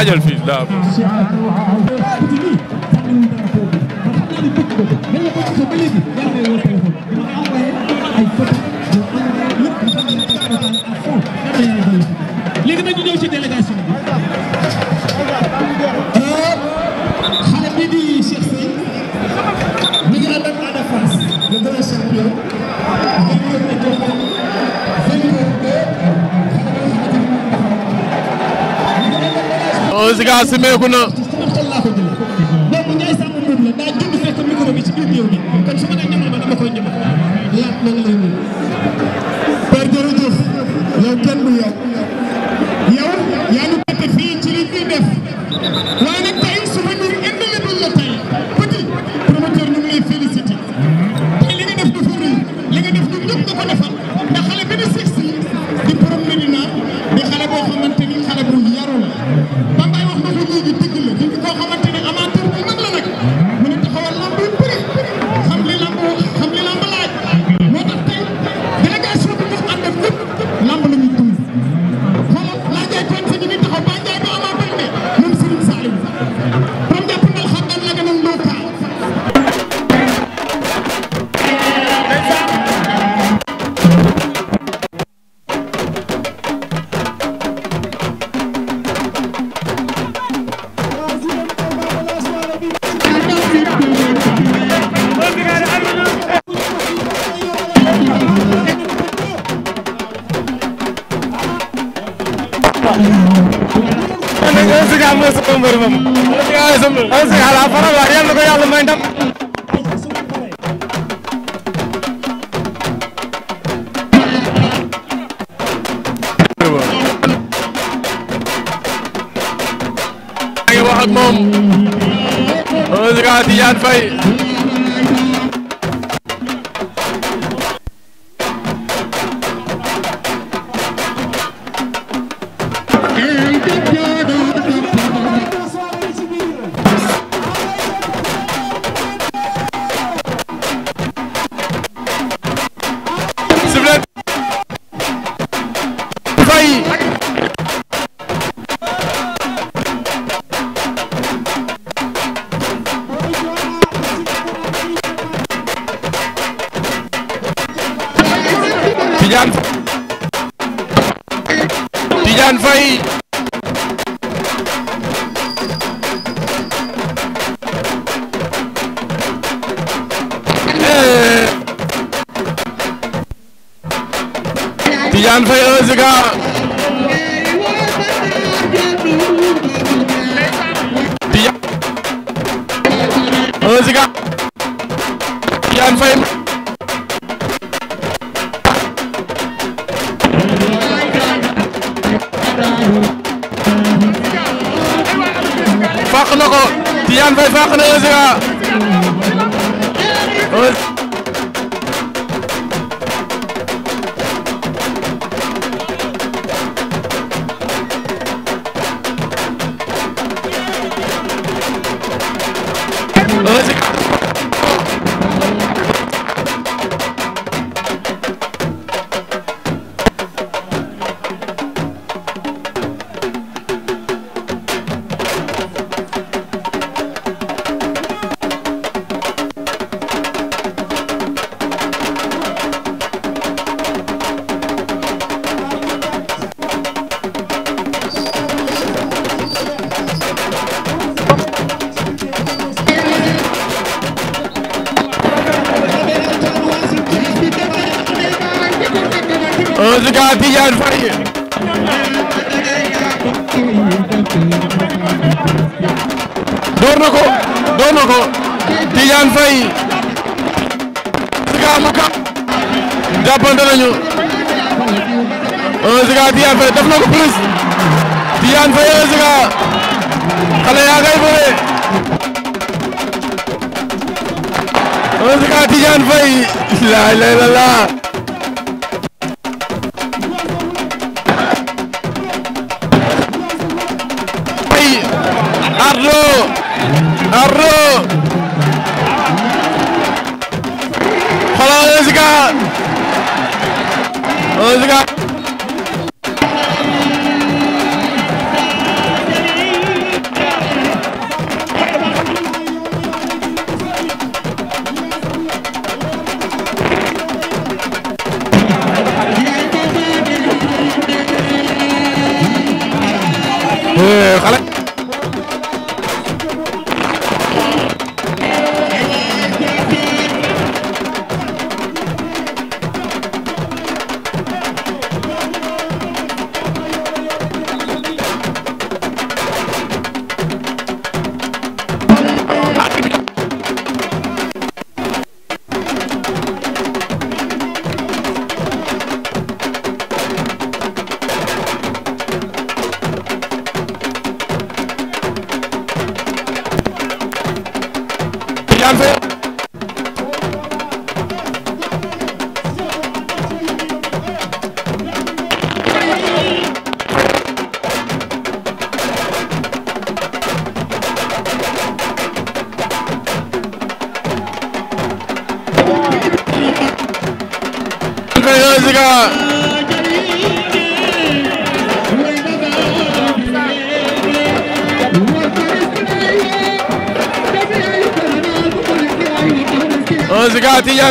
S3: xajal fii daa Ziga simeeku na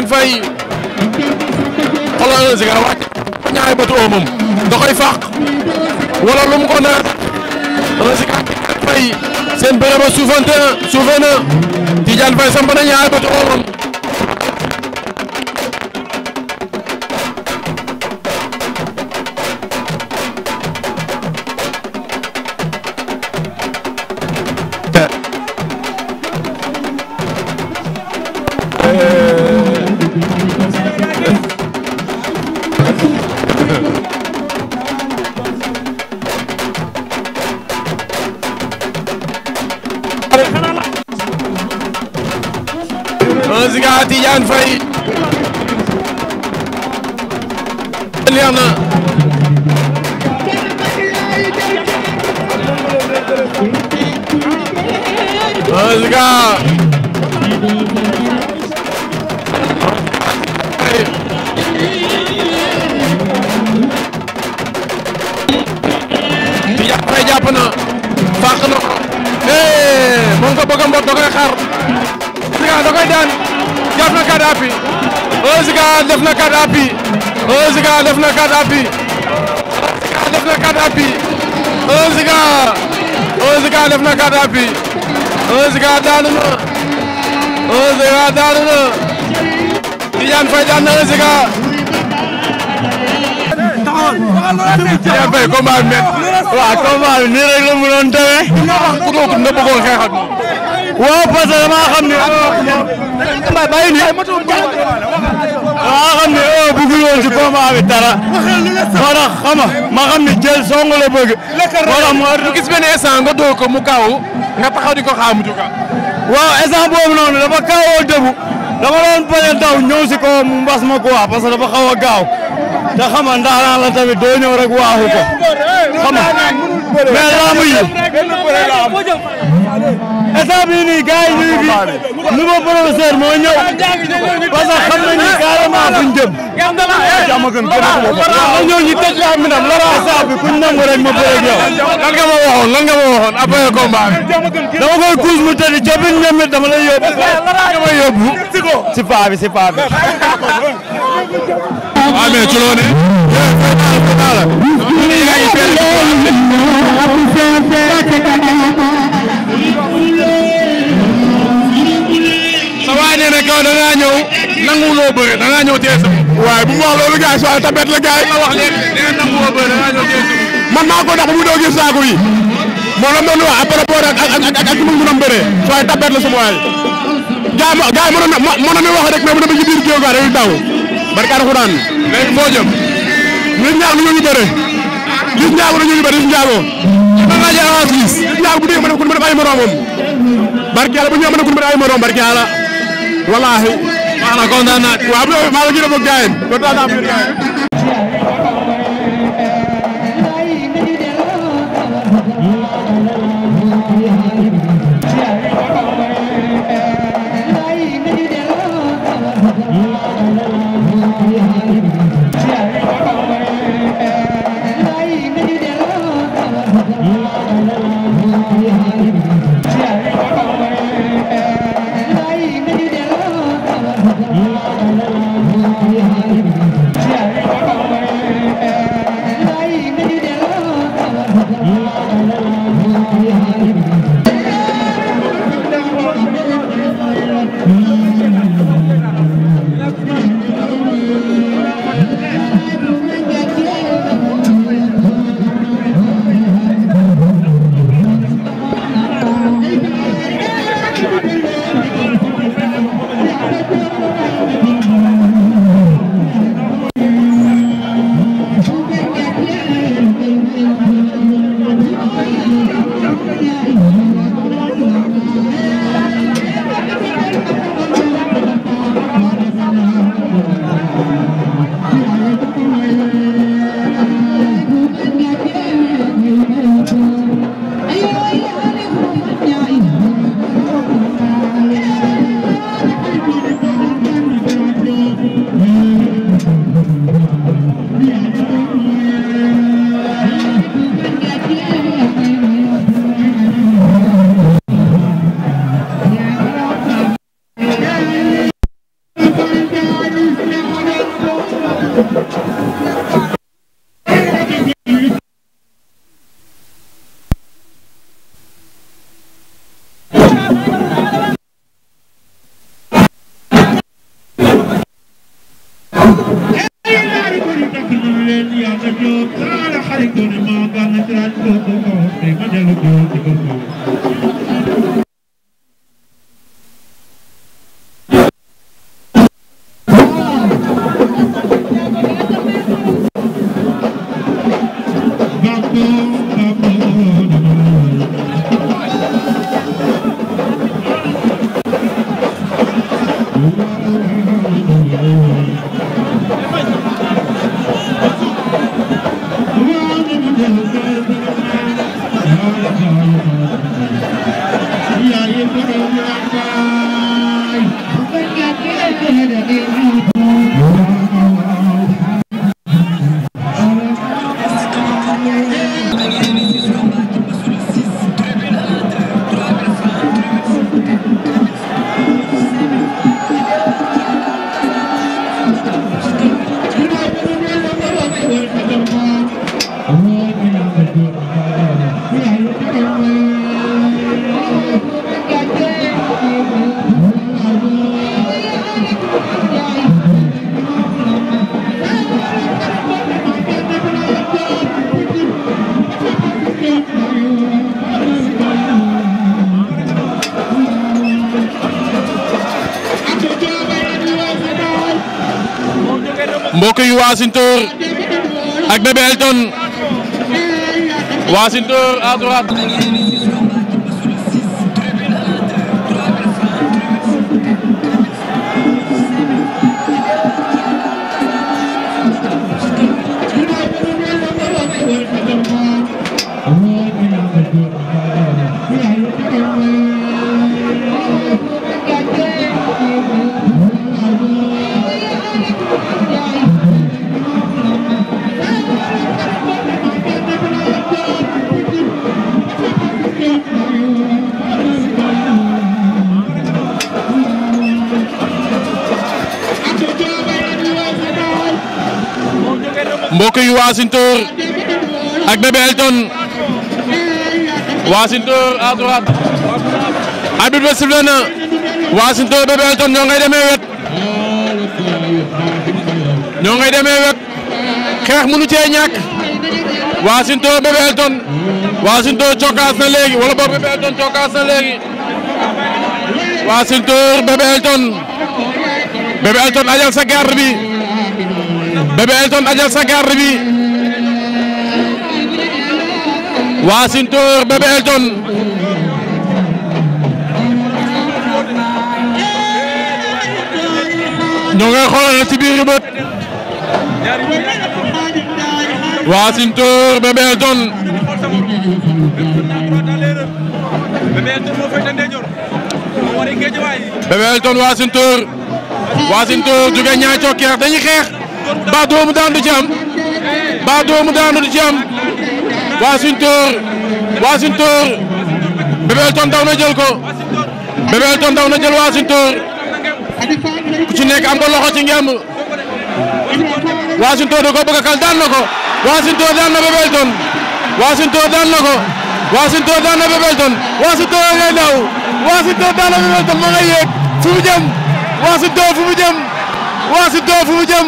S3: Faye xoolal la Ziga wàcc ñaari bët oomam da koy fàq wala lu mu ko naan la Ziga Faye seen bërëb a suufante suufe na Tidiane Faye samp na ñaari bët oomam jeex na waa Zika yàqare jàpp na fàq na eh moom ko bëgg a mbot da koy xaar Zika da koy daan jàpp na kàddaa bi waa Zika def na kàddaa bi Euleu Ziga def na quatre appuis def na quatre appuis Euleu Ziga Euleu Ziga def na quatre appuis Euleu Ziga daanu na Euleu Ziga daanu na Tidiane Faye daan na Euleu Ziga Tidiane Faye combat bi met waaw combat bi nii rek la mu doon demee ku ko na bëggoon xeex ak moom
S1: waaw parce que dama xam ne waaw xam
S3: ne oh, bëggul woon si combat bi dara. moo tax xama ma xam ne jël song la bëgg. moo tax ma du gis benn instant nga doo ko mu kaw nga taxaw di ko xaamutu ka waaw instant boobu noonu dafa kaawoo dëbu dama doon bañ a daw ñëw si kaw mu mbas ma quoi parce que dafa xaw a gaaw te xama ndaanaa la tamit doo rek waaxu ko xama mais lamb yi instant bii nii nouveau professeur moo ñëw parce que xam nañu carrément fuñ jëm. jàmm gën gën a ko boppam. waaw ñëw ñu tëj am ndam Laurent Safi kuñ nangu rek ma bëre ak yow. lan nga ma waxoon lan nga ma waxoon après combat bi. dama koy couche mu tëdd coppite ñoom it dama lay yóbbu. dama lay yóbbu si paa bi si paa bi.
S1: waaw mais ci loo ne. fay naa la fay naa la.
S3: non da ngaa ñëw nanguwuloo bëre da ngaa ñëw téye sa bopp. waaye bu mu wax loolu gars yi soit tapette la na nanguwoo da ngaa ñëw téye sa bopp. man maa ko ndax bu mu doon gis saako yi. moom la mu doon wax mu doon bëree. soit tapette la sama waay. gars ma gars na wax rek mais bu demee ci biir géew ga dañuy daw. barka alxuraan. léegi foo jëm. nit ñaar lu ñu bëre. gis njaago la ñu bëre gis njaago. ma laajee avance gis. gis njaago bu dee ma ne ko ma ne ko mën ay wallaahi. maanaam kontaan naa. waaw maa ngi leen di gërëm ak gars yi kontaan naa Wassintor à droite bokk yi Wassintor ak Bébé Elton Wassintor à droite arbitre bi sifflé na Wassintor Bébé Elton ñoo ngay demee wet ñoo ngay demee wet xeex Elton Wassintor cokkaas na léegi wala boog Bébé Elton cokkaas na léegi Wassintor Bébé Elton Bébé Elton ajal sa Bébé Elton ajal sa garde bi Wassintor Bébé Elton ñoo ngay xoolal ci biir bët Wassintor Bébé Elton Bébé Elton Wassintor Wassintor ñaay cokkeer dañuy xeex ba doomu daan du ci am ba doomu daanu du ci am Wassintor Wassintor Bébé Elton ko Bébé Elton daw na jël ku
S1: ci nekk am nga loxo
S3: ci ngemb Wassintor da ko bëgg a kal na ko Wassintor daan na na ko Wassintor daan na na Bébé ma ngay yéeg fu mu jëm Wassintor fu mu jëm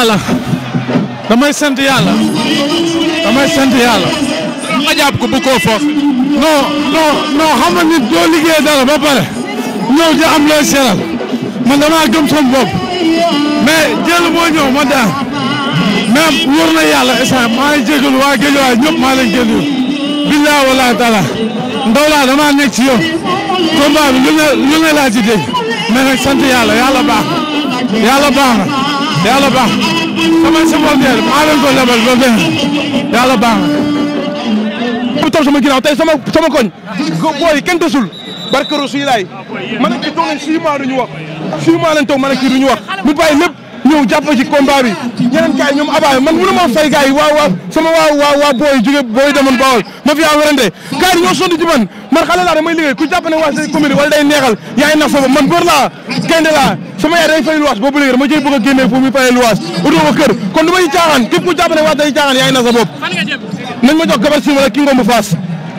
S3: yàlla damay sant yàlla
S1: damay sant yàlla.
S3: loolu nga jàpp ko bu ko foofu. non non doo liggéey dara ba pare ñëw di am looy seeral man damaa gëm sama bopp mais jël moo ñëw ma daan mais wóor na yàlla instant maa ngi jégalu waa géej waay ñëpp maa leen génn yow. billaay walaay taala ndaw laa damaa nekk ci yow combat lu ne lu
S1: ne laa ci dégg mais nag sant yàlla yàlla baax yàlla na. yàlla la sama supporter maa leen ko lebal ba benn yàlla baax na. bu toog
S3: sama ginnaaw tey sama sama koñ. booy kenn desul. barke Rasulilaay man ak kii toog nañ six mois du ñu wax six mois lañ toog man ak kii ñu wax. ñu ñëw jàpp ci combat bi ñeneen gars yi ñoom abaay man mënu ma fay gars yi waa waa sama booy jóge booy demoon ma fi yaa werante gars yi ñoo sonn man man xale laa damay liggéey ku jàpp ne waa say commune wala day neexal yaay nax sama man góor laa gaynde laa sama yaay day fay luwaas boobu léegi dama cay bëgg a génnee fu muy fayee luwaas utoo kër kon du may caaxaan képp ku jàpp ne waa day caaxaan yaay nax sa bopp nañ ma jox gabar si wala ki ngombu faas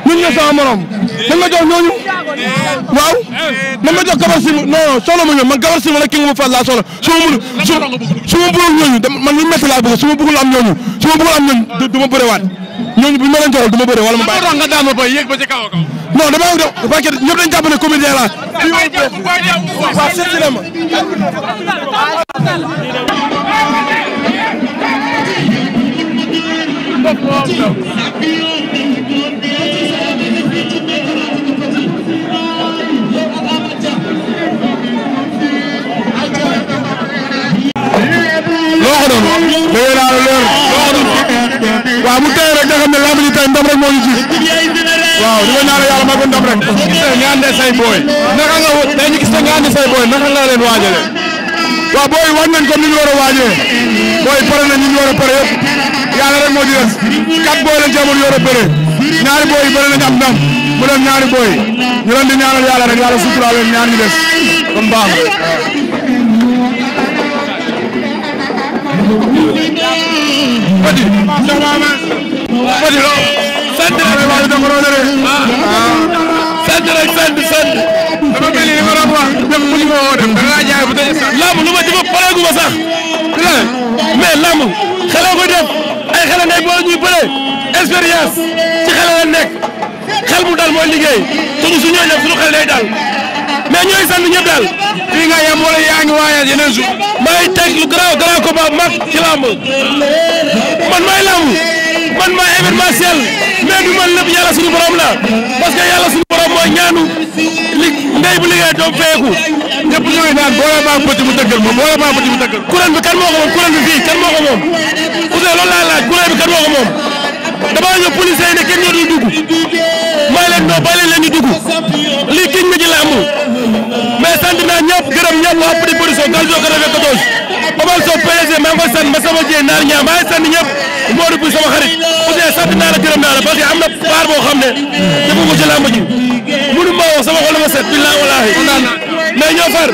S3: ñun nañ ma jox ñooñu waaw nañ ma jox gabar si non soxla ma gabar si ma la ki nga ma faat laa soxla su ma mun su ma bëggoon ñooñu man lu métti laa bëgg su ma bëggul am ñooñu su ma bëggul am ñooñu du ma bëriwaat ñooñu bu ma leen joxal du ma bëri wala ma bàyyi nga daan ma bay yéeg ba
S1: loo ko doon. léegi daal leer loo ko doon.
S3: waaw bu tey rek nga xam ne lamb ji tey ndam rek moo ñu gis. waaw di nga ñaanal yàlla may ko ndam rek. gis nga ñaan de say booy. naka nga wut dañu gis ne ñaan de say booy naka nga leen waajalee. waaw booy war nañ comme ni ñu a waajee. booy pare nañ ni ñu a pare yëpp. rek moo di des. booy lañ ci amoon yor a booy bëre nañ am ndam. mu dem ñaari booy. ñu leen di ñaanal rek yàlla suturaale ñaar ñu
S1: des. comme Fadi sama Fadi lo
S3: sant rek waaye da ko doon rek sant rek ma doon wax dem mu ñu ma woo jaay bu dee sax lamb lu ma dima pareegu ma sax la mais lamb xale ay xale nekk boo ñuy bëre expérience ci xale la nekk xel mu dal mooy liggéey tuñu su ñooy def suñu xel day dal mais ñooy sant ñëpp daal fii nga yem wala yaa ngi waaye yeneen jour may teg lu garaaw garaaw ko ba mag ci lamb man may lamb man may événementiel mais du man lépp yàlla suñu borom la parce que yàlla suñu borom mooy ñaanu li ndey bu liggéey doom feeku ñëpp ñooy naan boola maa bëti mu dëggal moom boola maa bëti mu dëggal kuréel bi kan moo ko moom kuréel bi fii kan moo ko moom Ousseyn loolu laa laaj kuréel bi kan moo ko moom damaa ñëw police yi ne kenn ñoo dul dugg may leen noo bàyyi leen ñu dugg lii kiñ ma ji lamb mais sant naa ñëpp gërëm ñëpp waa Petit Production Galzo 94 Babal Sow PDG maa ngi koy sant Massamba Dieng naar ñaar maa ngi sant ñëpp Modou bi sama xarit Ousseyn sant naa la gërëm naa la am na paar boo xam ne defu ko ci làmb ji mënu ma sama xol ma set billahi wallahi mais ñoo far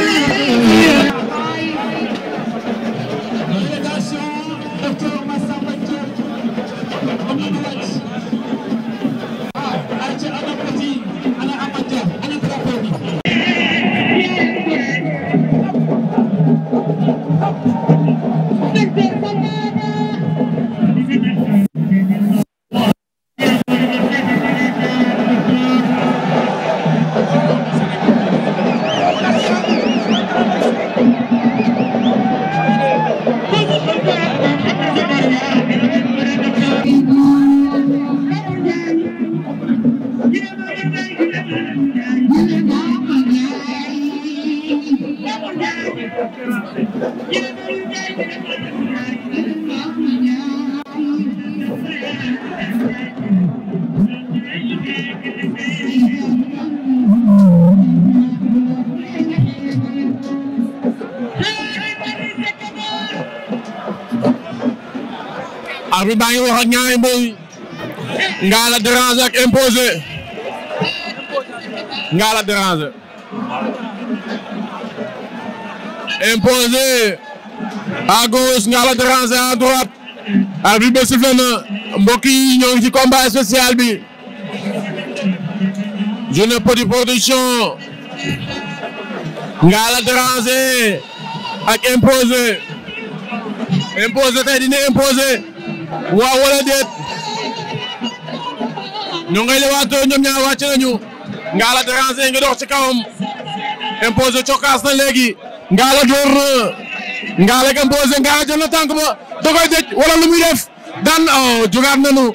S3: abi baa ngi wax ak ñaari mbéy la Dérange ak Imposé Ngalla Dérange Imposé à gauche Ngalla Dérange à droite arbitre bi sifflé na mbokk yi ñoo ngi ci combat spécial bi Journée Petit Production Ngalla Dérange ak Imposé Imposé tey dina Imposé waaw wala déet ñu ngay lewaatoo ñoom ñaar wàcc nañu Ngalla déranger ngi dox ci kawam imposé cokaas na léegi Ngalla door Ngalla ak imposé Ngalla jël na tànk ba da koy dëj wala def daan oh jugaat nañu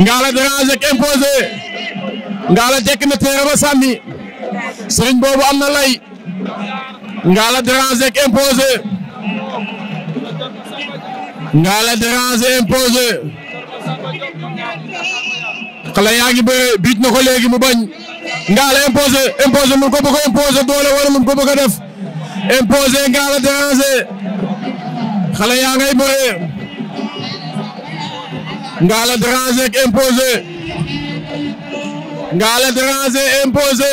S3: Ngalla déranger ak imposé Ngalla na teere ba sànni sëriñ boobu am na lay Ngalla déranger ak ngaa la déranger imposé xale yaa ngi bëre biit na ko léegi mu bañ ngaa la imposé imposé mu ko bëgg a doole wala mu ko bëgg def imposé ngaa la déranger xale yaa ngay ngaa la déranger ak imposé ngaa la déranger imposé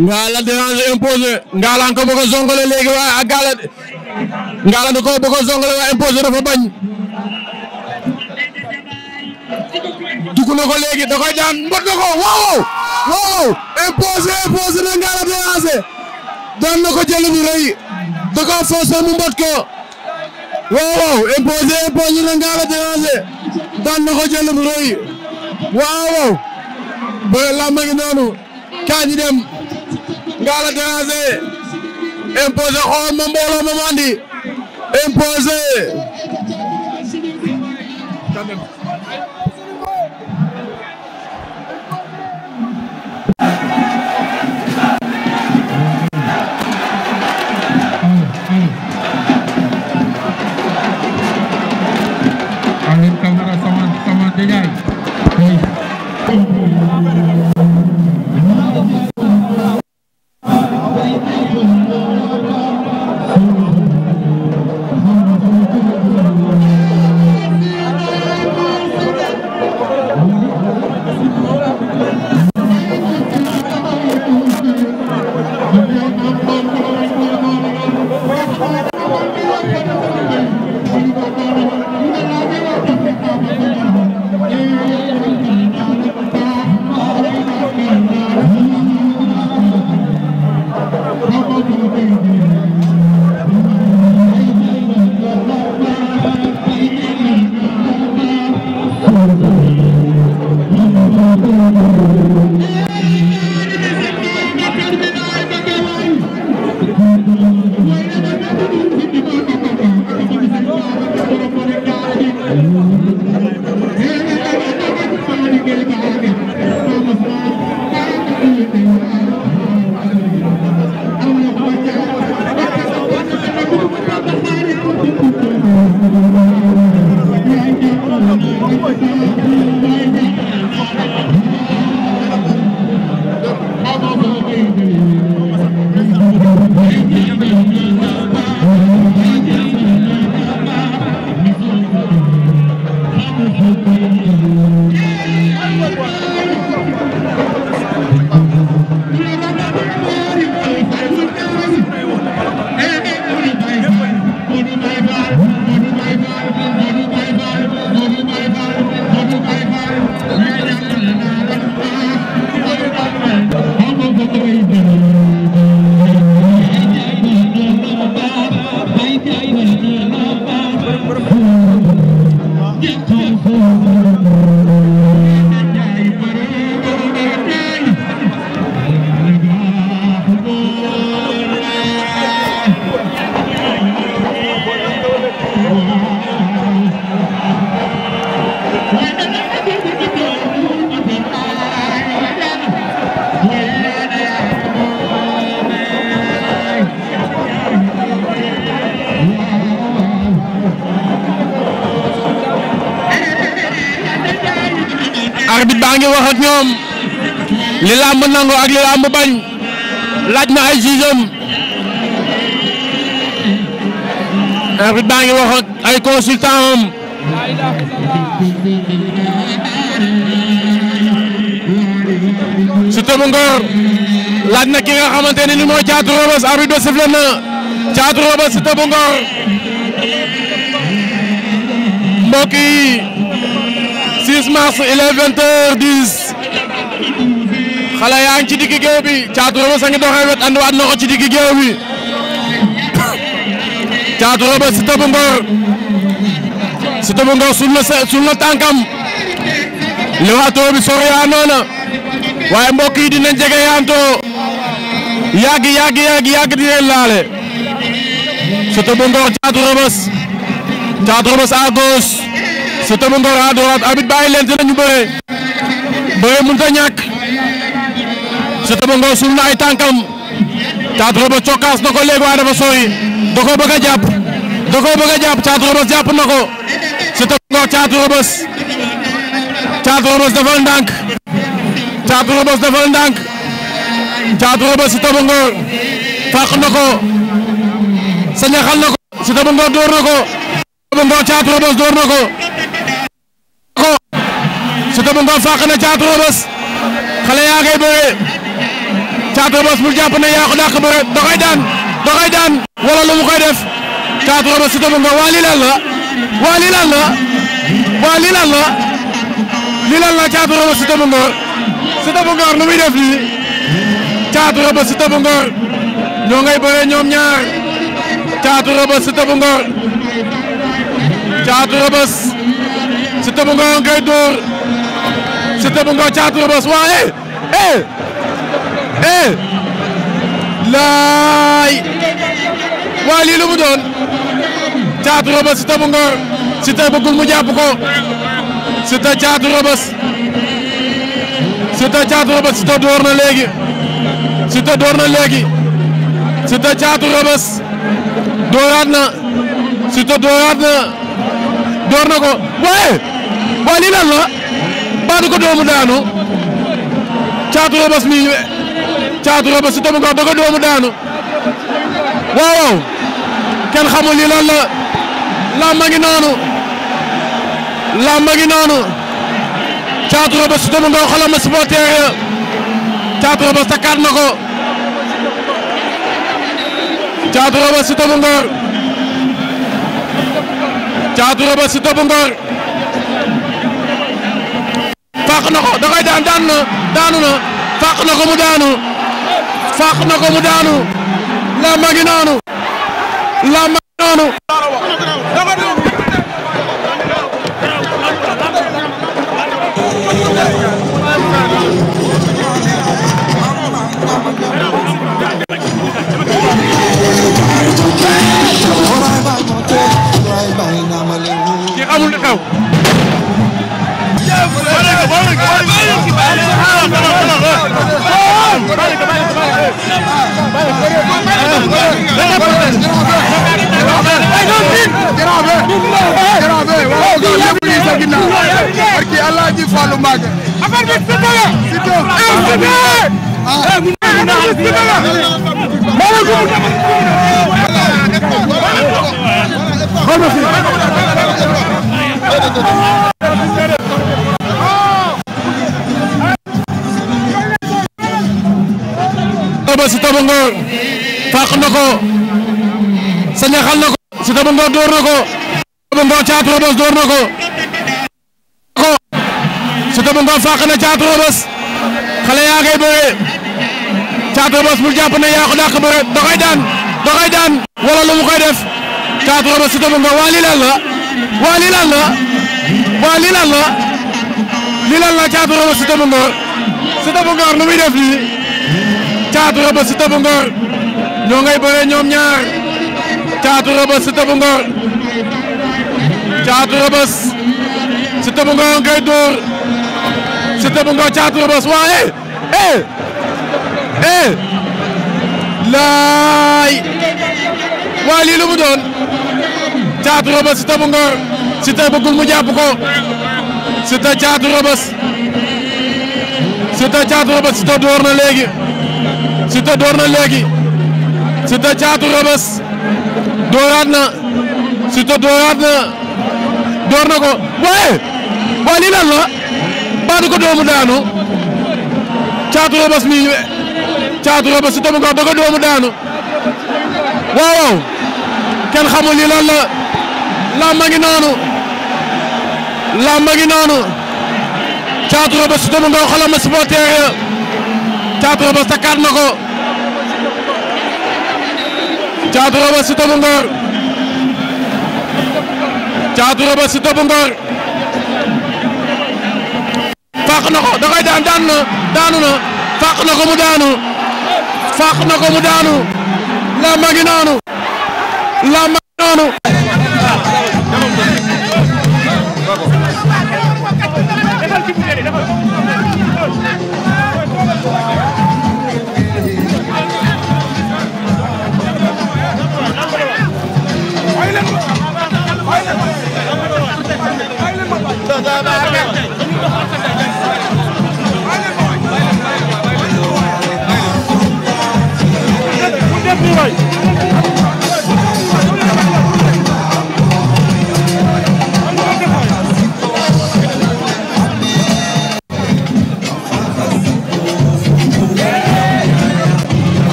S3: Ngalla dérange imposé Ngalla nga ko bëgg a zongale léegi waaye ak
S1: ko léegi da daan mbot ko waaw
S3: waaw imposé imposé na Ngalla dérange daan na ko jëli ñu rëy da koo mu mbot ko waaw imposé imposé na Ngalla dérange daan na ko jëli ñu rëy waaw ba lamb gi noonu kaa dem. Ngalla déranger
S1: imposé xool ma mbooloo ma mandi imposé
S3: sifle na Thiatou Rebeuss Siteu mars il est 20 yaa ngi ci digg géew bi Thiatou Rebeuss a ngi doxee wet andi waat na ci digg géew bi Thiatou Rebeuss Siteu bu Ngor Siteu bu li waatoo bi sori yaa waaye mbokk yi dinañ yàgg yàgg yàgg yàgg di leen laale Siteu bu Ngor Thiatou Rebeus Thiatou Rebeus à gauche Siteu bu abit bàyyi leen dinañu bëree bëree mënut a ñàkk Siteu bu Ngor suul na ay tànkam Thiatou Rebeus da koo bëgg a jàpp da koo bëgg a jàpp Thiatou Rebeus jàpp na ko Siteu bu Ngor Thiatou Rebeus Thiatou Rebeus Caatu Rebeuss Siteu bu Ngor fàq na ko sañaxal na ko Siteu bu Ngor door na ko Siteu bu Ngor Caatu Rebeuss door na ko Siteu bu Ngor fàq na Caatu Rebeuss xale yaa ngay bëre Caatu Rebeuss bu jàpp ne yaa ko dàq bëre da koy daan da koy daan wala lu mu koy def Caatu Rebeuss Siteu bu Ngor waa lii lan la waa lii lan la waa lii lan la lii lan la Caatu Rebeuss Siteu bu Ngor Siteu bu Ngor nu muy def lii Caatu Rebeuss Siteu bu Ngor ngay bëree ñoom ñaar Caatu Rebeuss Siteu bu Ngor Caatu ngay dóor Siteu bu Ngor waa eh, eh eh laay waa lii lu mu doon Caatu Rebeuss Siteu bu Ngor mu jàpp ko Siteu Caatu Rebeuss Siteu Caatu Rebeuss na léegi Siteu door na léegi Siteu caatu rëbës dooraat na Siteu ko waaye waaye lii lan ko doomu daanu caatu rëbës mi caatu rëbës Siteu mu ngox da ko doomu daanu waaw waaw kenn xamul lii lan la làmba ngi noonu làmba ngi noonu caatu rëbës Caatu Rebeuss takkaat na ko Caatu Rebeuss Siteu bu Ngor Caatu Rebeuss Siteu bu Ngor fàq na ko da koy daan daan na daanu na fàq na ko mu daanu fàq na ko mu daanu làmba gi noonu làmba gi noonu Baba Siteu Ngor fàq na ko sañ xal na ko Siteu bu Ngor door na ko Siteu bu Ngor Thiatou Rebeuss door na ko Siteu bu Ngor fàq na Thiatou Rebeuss xale yaa ngay bëre Thiatou Rebeuss bu jàpp ne yaa ko dàq bëre da koy daan da koy daan wala lu mu koy def Thiatou Rebeuss Siteu bu Ngor waa lii lan la waa lii lan la waa lii lan la lii lan la Thiatou Rebeuss Siteu bu Ngor Siteu bu Ngor nu muy def lii Thiatou Rebeuss Siteu bu Ngor ñoo ngay bëree ñoom ñaar Caatu Rebeuss Siteu bu Ngor Caatu Rebeuss dóor Siteu bu Ngor waa eh eh laay waa lii lu mu doon Caatu Rebeuss Siteu bu Ngor mu jàpp ko Siteu Caatu Rebeuss Siteu Caatu Rebeuss Siteu na léegi Siteu door na léegi Siteu caatu rëbës dooraat na Siteu dooraat na door na ko waaye waaye lii lan la baatu ko doomu daanu caatu rëbës mi caatu rëbës Siteu mu ko da ko doomu daanu waaw kenn xamul lii lan la làmba ngi noonu làmba ngi noonu caatu rëbës Siteu mu ko xoolal ma supporter ya caatu rëbës takkaat na ko. Thiatou Rebeuss Siteu bu Ngor Thiatou Rebeuss Siteu bu Ngor fàq na ko da koy daan daan na daanu na fàq na ko mu daanu fàq na ko mu daanu lamba gi noonu lamba gi noonu